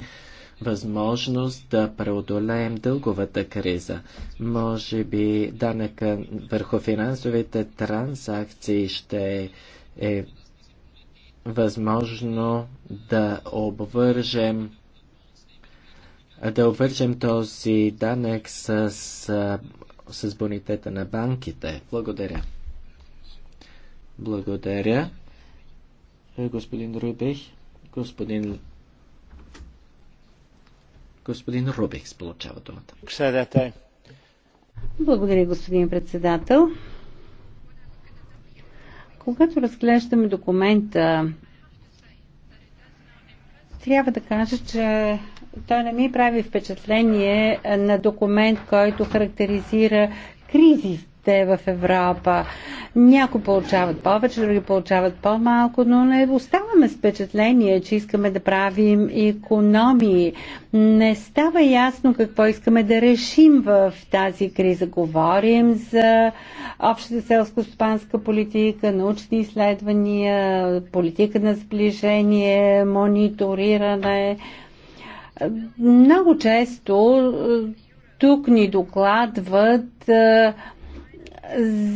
възможност да преодолеем дълговата криза. Може би данъка върху финансовите транзакции ще е възможно да обвържем да обвържем този данък с, с, с бонитета на банките. Благодаря. Благодаря. Е, господин Рубих, господин Господин Рубих получава думата. Благодаря, господин председател. Когато разглеждаме документа, трябва да кажа, че той не ми прави впечатление на документ, който характеризира кризите в Европа. Някои получават повече, други получават по-малко, но не оставаме с впечатление, че искаме да правим економии. Не става ясно какво искаме да решим в тази криза. Говорим за общата селско-спанска политика, научни изследвания, политика на сближение, мониториране. Много често е, тук ни докладват е,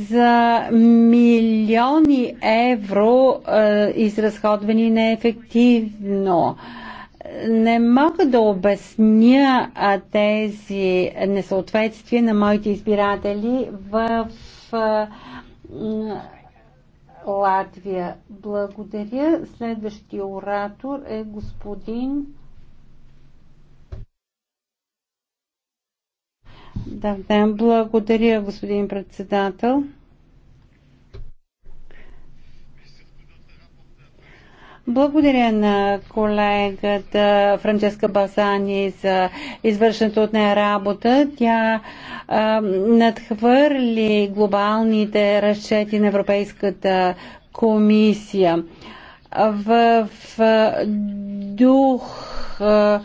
за милиони евро е, изразходвани неефективно не мога да обясня тези несъответствия на моите избиратели в Латвия. Благодаря. Следващия оратор е господин да, Благодаря, господин председател. Благодаря на колегата Франческа Басани за извършената от нея работа. Тя а, надхвърли глобалните разчети на Европейската комисия. В, в дух а,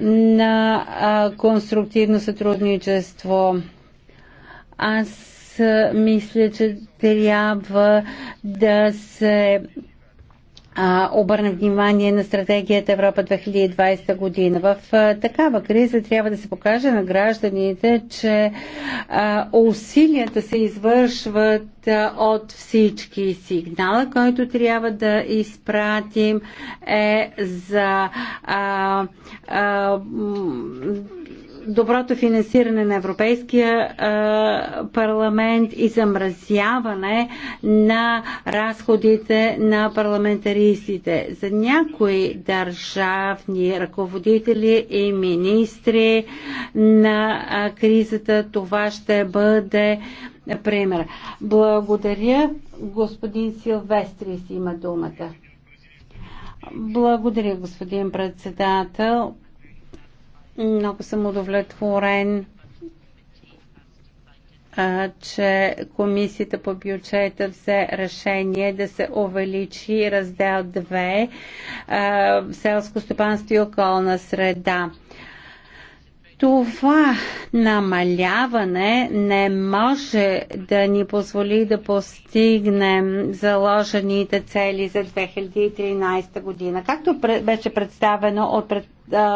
на а, конструктивно сътрудничество. Аз мисля, че трябва да се а, обърнем внимание на стратегията Европа 2020 година. В а, такава криза трябва да се покаже на гражданите, че а, усилията се извършват а, от всички. Сигнала, който трябва да изпратим е за а, а, доброто финансиране на Европейския парламент и замразяване на разходите на парламентаристите. За някои държавни ръководители и министри на кризата това ще бъде пример. Благодаря. Господин Силвестрис има думата. Благодаря, господин председател. Много съм удовлетворен, че Комисията по бюджета взе решение да се увеличи раздел 2 селско стопанство и околна среда. Това намаляване не може да ни позволи да постигнем заложените цели за 2013 година. Както беше представено от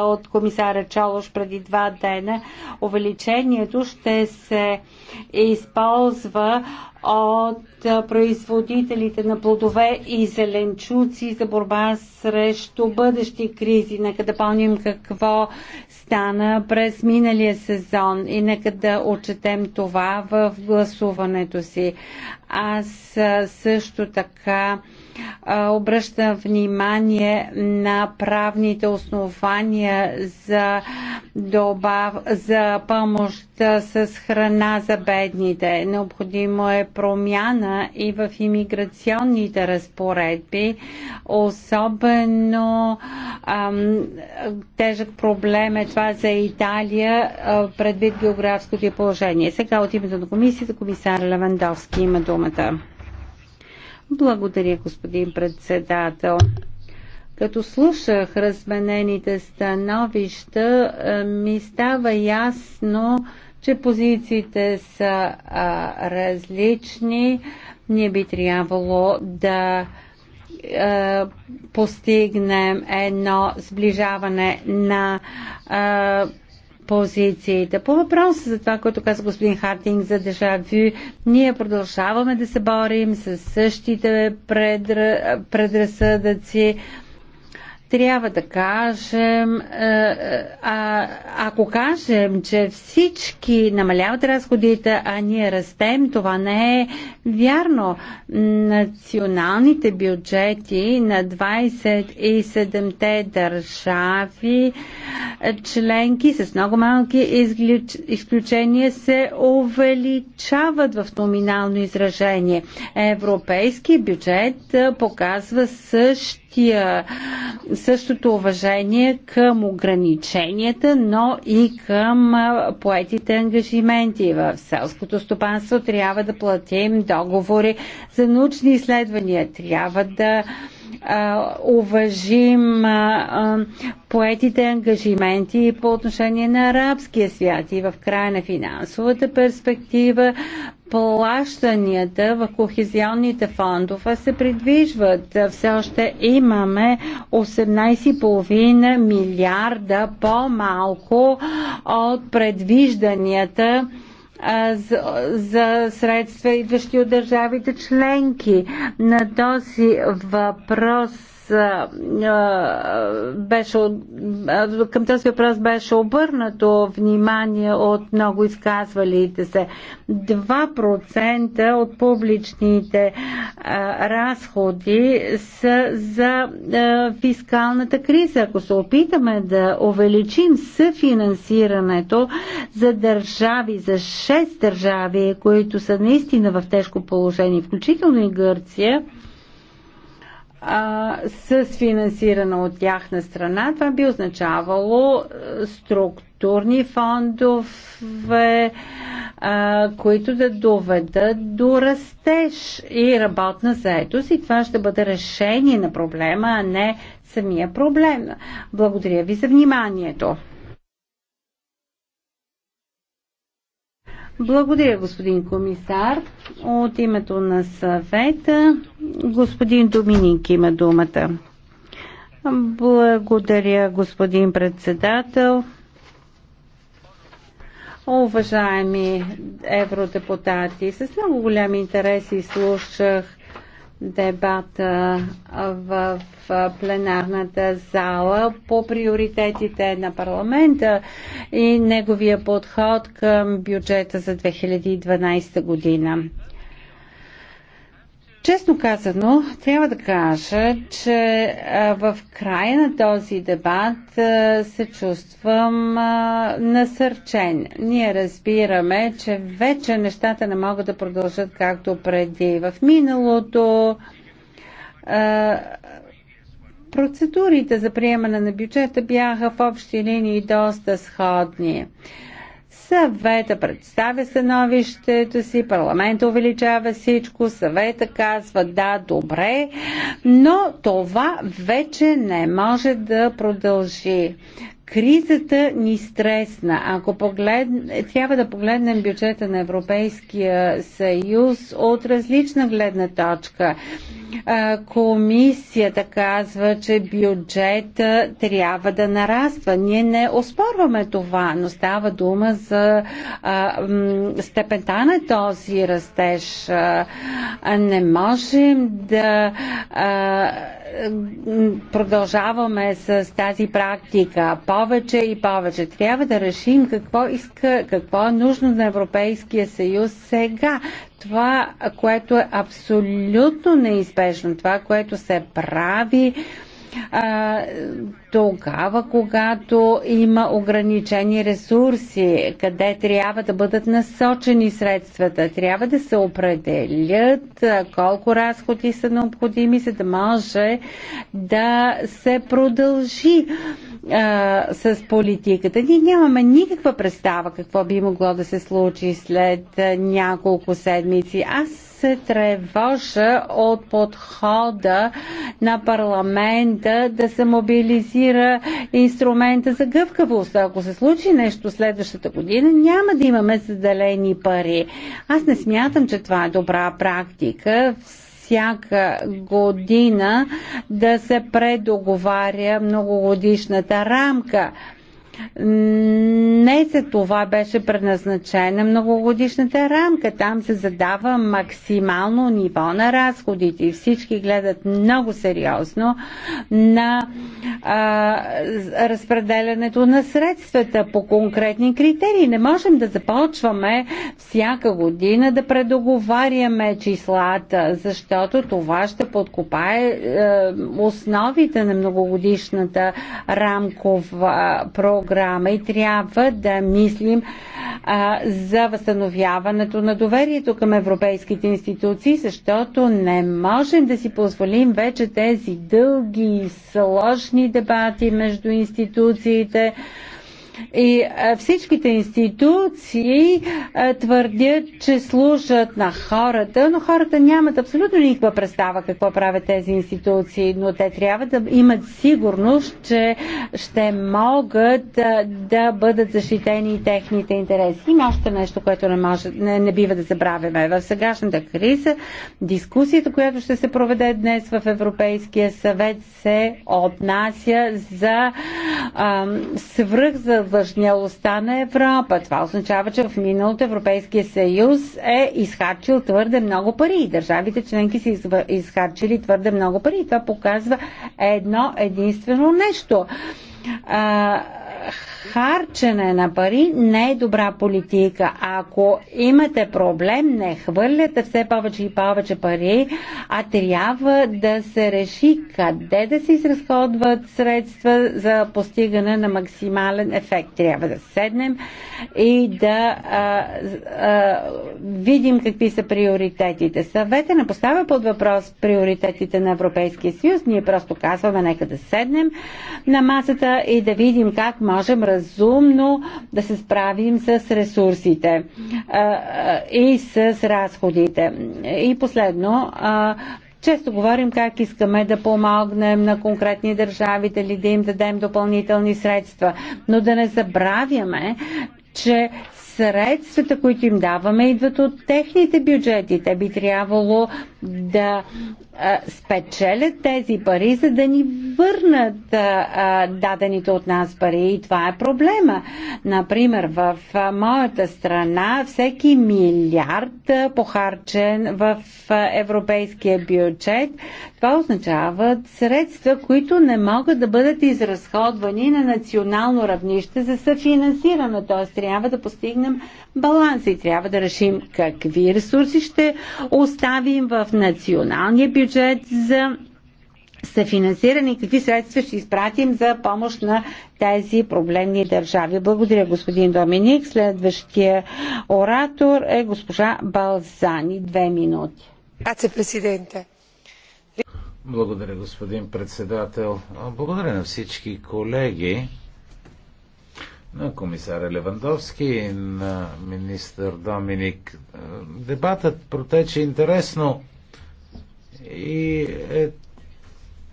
от комисара Чолош преди два дена, увеличението ще се използва от производителите на плодове и зеленчуци за борба срещу бъдещи кризи. Нека да помним какво стана през миналия сезон и нека да отчетем това в гласуването си. Аз също така Обръща внимание на правните основания за, добав, за помощ с храна за бедните. Необходимо е промяна и в иммиграционните разпоредби, особено ам, тежък проблем е това за Италия предвид географското положение. Сега от името на комисията комисар Левандовски има думата. Благодаря, господин председател. Като слушах разменените становища, е, ми става ясно, че позициите са а, различни. Ние би трябвало да а, е, постигнем едно сближаване на а, е, позициите. По въпроса за това, което каза господин Хартинг за дежавю, ние продължаваме да се борим с същите предр... предразсъдъци, трябва да кажем, е, е, а, ако кажем, че всички намаляват разходите, а ние растем, това не е вярно. Националните бюджети на 27-те държави е, членки с много малки изключения се увеличават в номинално изражение. Европейски бюджет показва също същия, същото уважение към ограниченията, но и към поетите ангажименти. В селското стопанство трябва да платим договори за научни изследвания, трябва да уважим поетите ангажименти по отношение на арабския свят и в края на финансовата перспектива плащанията в кохезионните фондове се придвижват. Все още имаме 18,5 милиарда по-малко от предвижданията за, за средства, идващи от държавите членки. На този въпрос беше, към този въпрос беше обърнато внимание от много изказвалите се. 2% от публичните разходи са за фискалната криза. Ако се опитаме да увеличим съфинансирането за държави, за 6 държави, които са наистина в тежко положение, включително и Гърция, а, с финансиране от тяхна страна. Това би означавало структурни фондове, а, които да доведат до растеж и работна заетост и това ще бъде решение на проблема, а не самия проблем. Благодаря ви за вниманието. Благодаря, господин комисар. От името на съвета, господин Доминик има думата. Благодаря, господин председател. Уважаеми евродепутати, с много голям интерес изслушах дебата в пленарната зала по приоритетите на парламента и неговия подход към бюджета за 2012 година. Честно казано, трябва да кажа, че в края на този дебат се чувствам насърчен. Ние разбираме, че вече нещата не могат да продължат както преди. В миналото процедурите за приемане на бюджета бяха в общи линии доста сходни. Съвета представя становището си, парламента увеличава всичко, съвета казва да, добре, но това вече не може да продължи. Кризата ни стресна. Ако поглед... трябва да погледнем бюджета на Европейския съюз от различна гледна точка. Комисията казва, че бюджета трябва да нараства. Ние не оспорваме това, но става дума за степента на този растеж. Не можем да продължаваме с тази практика повече и повече. Трябва да решим какво иска, какво е нужно на Европейския съюз сега. Това, което е абсолютно неизбежно, това, което се прави, а, тогава, когато има ограничени ресурси, къде трябва да бъдат насочени средствата, трябва да се определят колко разходи са необходими, за да може да се продължи а, с политиката. Ние нямаме никаква представа какво би могло да се случи след а, няколко седмици. Аз се тревожа от подхода на парламента да се мобилизира инструмента за гъвкавост. Ако се случи нещо следващата година, няма да имаме заделени пари. Аз не смятам, че това е добра практика всяка година да се предоговаря многогодишната рамка. Не за това беше предназначена многогодишната рамка. Там се задава максимално ниво на разходите и всички гледат много сериозно на а, разпределянето на средствата по конкретни критерии. Не можем да започваме всяка година да предоговаряме числата, защото това ще подкопае е, основите на многогодишната рамкова програма програма и трябва да мислим а, за възстановяването на доверието към европейските институции, защото не можем да си позволим вече тези дълги и сложни дебати между институциите, и всичките институции твърдят, че служат на хората, но хората нямат абсолютно никаква представа какво правят тези институции, но те трябва да имат сигурност, че ще могат да, бъдат защитени и техните интереси. Има още нещо, което не, може, не, не бива да забравяме. В сегашната криза дискусията, която ще се проведе днес в Европейския съвет, се отнася за за развъжнялостта на Европа. Това означава, че в миналото Европейския съюз е изхарчил твърде много пари държавите членки са изхарчили твърде много пари. това показва едно единствено нещо. А, харчене на пари не е добра политика. Ако имате проблем, не хвърляте все повече и повече пари, а трябва да се реши къде да се изразходват средства за постигане на максимален ефект. Трябва да седнем и да а, а, видим какви са приоритетите. Съвета не поставя под въпрос приоритетите на Европейския съюз. Ние просто казваме, нека да седнем на масата и да видим как може можем разумно да се справим с ресурсите и с разходите. И последно, често говорим как искаме да помогнем на конкретни държави дали да им дадем допълнителни средства, но да не забравяме, че средствата, които им даваме, идват от техните бюджети. Те би трябвало да спечелят тези пари, за да ни върнат дадените от нас пари. И това е проблема. Например, в моята страна всеки милиард похарчен в европейския бюджет, това означават средства, които не могат да бъдат изразходвани на национално равнище за съфинансиране. Т.е. трябва да постигнем постигнем баланс и трябва да решим какви ресурси ще оставим в националния бюджет за съфинансиране и какви средства ще изпратим за помощ на тези проблемни държави. Благодаря, господин Доминик. Следващия оратор е госпожа Балзани. Две минути. Благодаря, господин председател. Благодаря на всички колеги на комисаря Левандовски и на министър Доминик. Дебатът протече интересно и е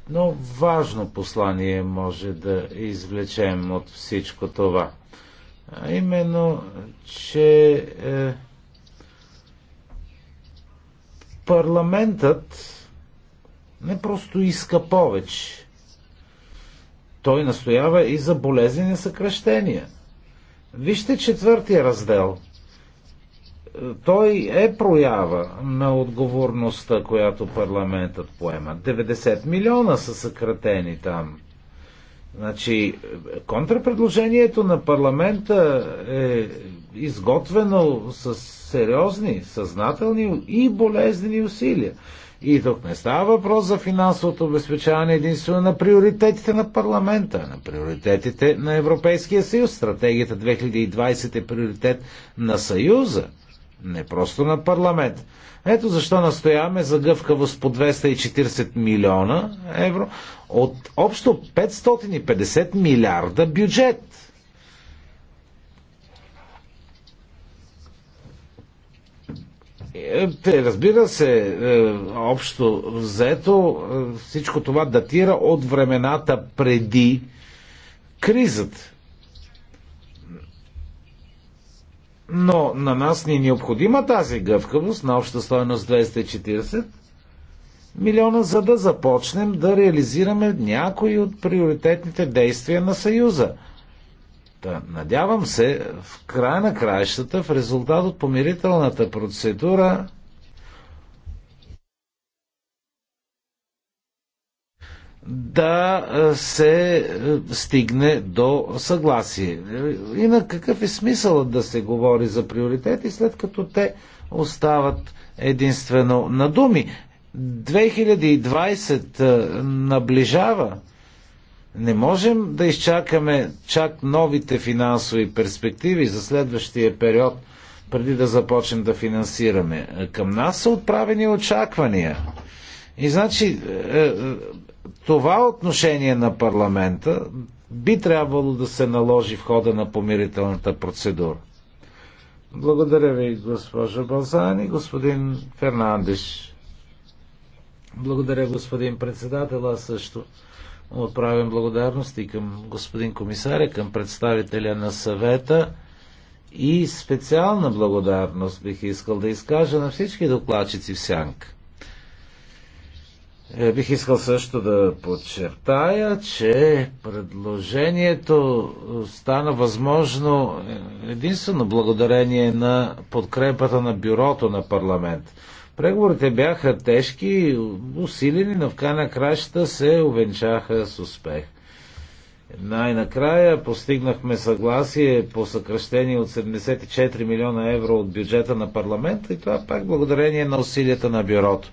но важно послание може да извлечем от всичко това. А именно, че е, парламентът не просто иска повече, той настоява и за болезнени съкръщения. Вижте четвъртия раздел. Той е проява на отговорността, която парламентът поема. 90 милиона са съкратени там. Значи, контрапредложението на парламента е изготвено с сериозни, съзнателни и болезнени усилия. И тук не става въпрос за финансовото обезпечаване единствено на приоритетите на парламента, на приоритетите на Европейския съюз. Стратегията 2020 е приоритет на съюза, не просто на парламент. Ето защо настояваме за гъвкавост по 240 милиона евро от общо 550 милиарда бюджет. Е, разбира се, е, общо взето, е, всичко това датира от времената преди кризата. Но на нас ни е необходима тази гъвкавост на обща стоеност 240 милиона, за да започнем да реализираме някои от приоритетните действия на Съюза – да, надявам се, в края на краищата, в резултат от помирителната процедура, да е, се е, стигне до съгласие. И на какъв е смисъл да се говори за приоритети, след като те остават единствено на думи? 2020 е, наближава не можем да изчакаме чак новите финансови перспективи за следващия период, преди да започнем да финансираме. Към нас са отправени очаквания. И значи, е, е, това отношение на парламента би трябвало да се наложи в хода на помирителната процедура. Благодаря ви, госпожа Балзани. Господин Фернандеш. Благодаря, господин председател. Аз също Отправям благодарности към господин комисаря, към представителя на съвета и специална благодарност бих искал да изкажа на всички докладчици в Сянка. Е, бих искал също да подчертая, че предложението стана възможно единствено благодарение на подкрепата на бюрото на парламент. Преговорите бяха тежки, усилени, но в край на краща се увенчаха с успех. Най-накрая постигнахме съгласие по съкръщение от 74 милиона евро от бюджета на парламента и това пак благодарение на усилията на бюрото.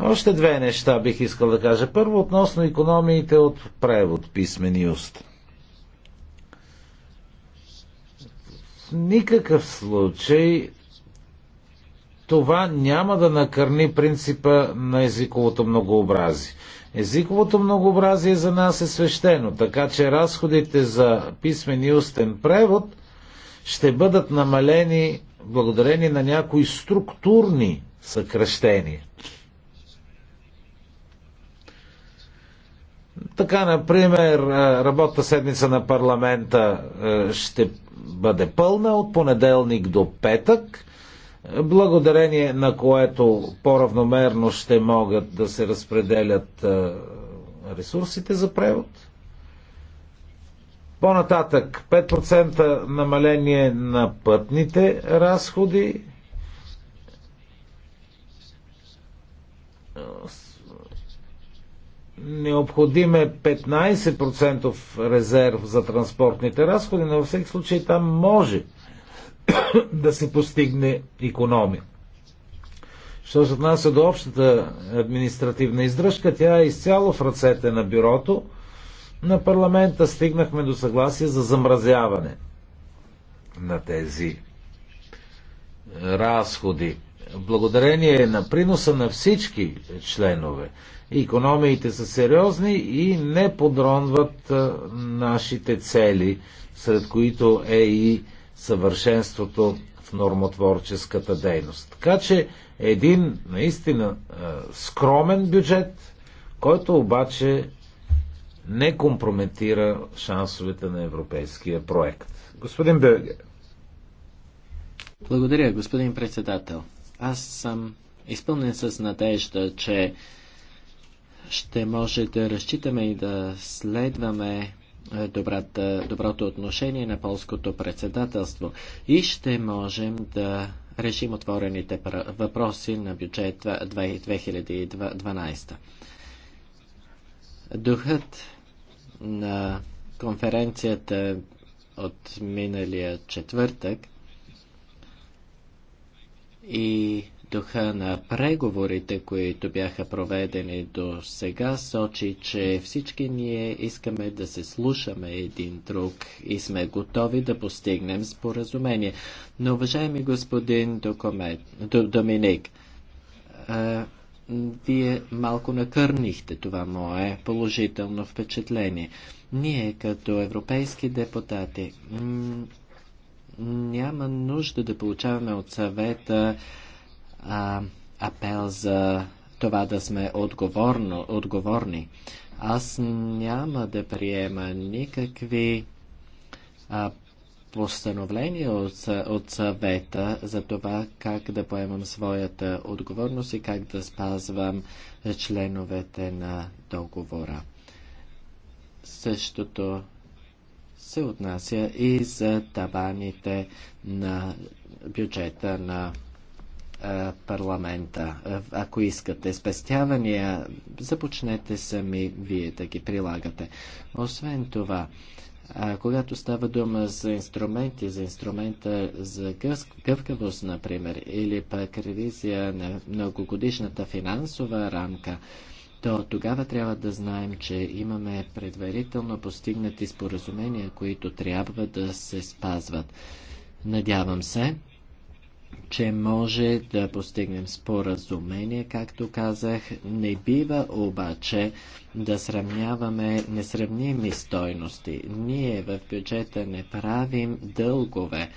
Още две неща бих искал да кажа. Първо относно економиите от превод писмени уст. В никакъв случай това няма да накърни принципа на езиковото многообразие. Езиковото многообразие за нас е свещено, така че разходите за писмен и устен превод ще бъдат намалени благодарение на някои структурни съкръщения. Така, например, работа седмица на парламента ще бъде пълна от понеделник до петък – благодарение на което по-равномерно ще могат да се разпределят ресурсите за превод. По-нататък 5% намаление на пътните разходи. Необходим е 15% резерв за транспортните разходи, но във всеки случай там може да се постигне економия. Що се отнася до общата административна издръжка, тя е изцяло в ръцете на бюрото. На парламента стигнахме до съгласие за замразяване на тези разходи. Благодарение на приноса на всички членове, економиите са сериозни и не подронват нашите цели, сред които е и съвършенството в нормотворческата дейност. Така че един наистина скромен бюджет, който обаче не компрометира шансовете на европейския проект. Господин Бергер. Благодаря, господин председател. Аз съм изпълнен с надежда, че ще може да разчитаме и да следваме е, добрата, доброто отношение на полското председателство и ще можем да решим отворените въпроси на бюджет 2012. Духът на конференцията от миналия четвъртък и духа на преговорите, които бяха проведени до сега, сочи, че всички ние искаме да се слушаме един друг и сме готови да постигнем споразумение. Но, уважаеми господин Д- Доминик, а, вие малко накърнихте това мое положително впечатление. Ние, като европейски депутати, няма нужда да получаваме от съвета а, апел за това да сме отговорно, отговорни. Аз няма да приема никакви а, постановления от, от съвета за това как да поемам своята отговорност и как да спазвам членовете на договора. Същото се отнася и за табаните на бюджета на парламента. Ако искате спестявания, започнете сами вие да ги прилагате. Освен това, когато става дума за инструменти, за инструмента за гъвкавост, например, или пък ревизия на многогодишната финансова рамка, то тогава трябва да знаем, че имаме предварително постигнати споразумения, които трябва да се спазват. Надявам се, че може да постигнем споразумение, както казах. Не бива обаче да сравняваме несравними стойности. Ние в бюджета не правим дългове.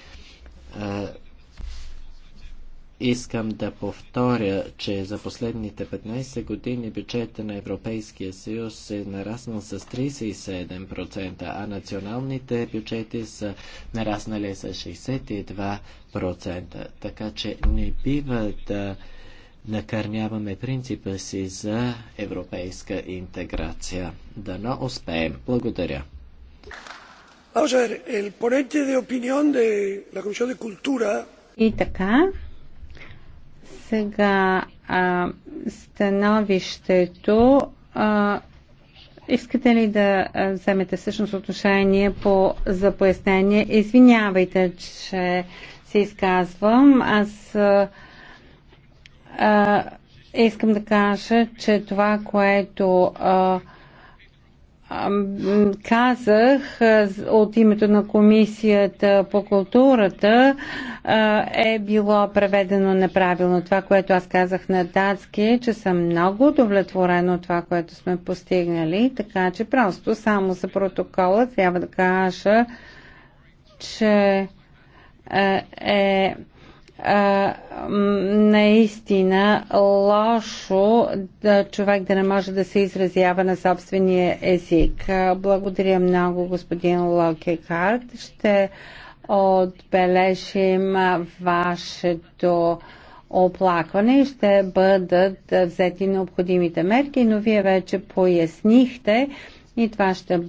Искам да повторя, че за последните 15 години бюджета на Европейския съюз е нараснал с 37%, а националните бюджети са нараснали с 62%. Така че не бива да накърняваме принципа си за европейска интеграция. Дано успеем. Благодаря. И така, сега а, становището. А, искате ли да вземете всъщност отношение по, за пояснение? Извинявайте, че се изказвам. Аз а, а, искам да кажа, че това, което а, казах от името на Комисията по културата е било преведено неправилно. Това, което аз казах на датски е, че съм много удовлетворена от това, което сме постигнали, така че просто само за протокола трябва да кажа, че е, е наистина лошо да, човек да не може да се изразява на собствения език. Благодаря много, господин Локекарт. Ще отбележим вашето оплакване и ще бъдат взети необходимите мерки, но вие вече пояснихте и това ще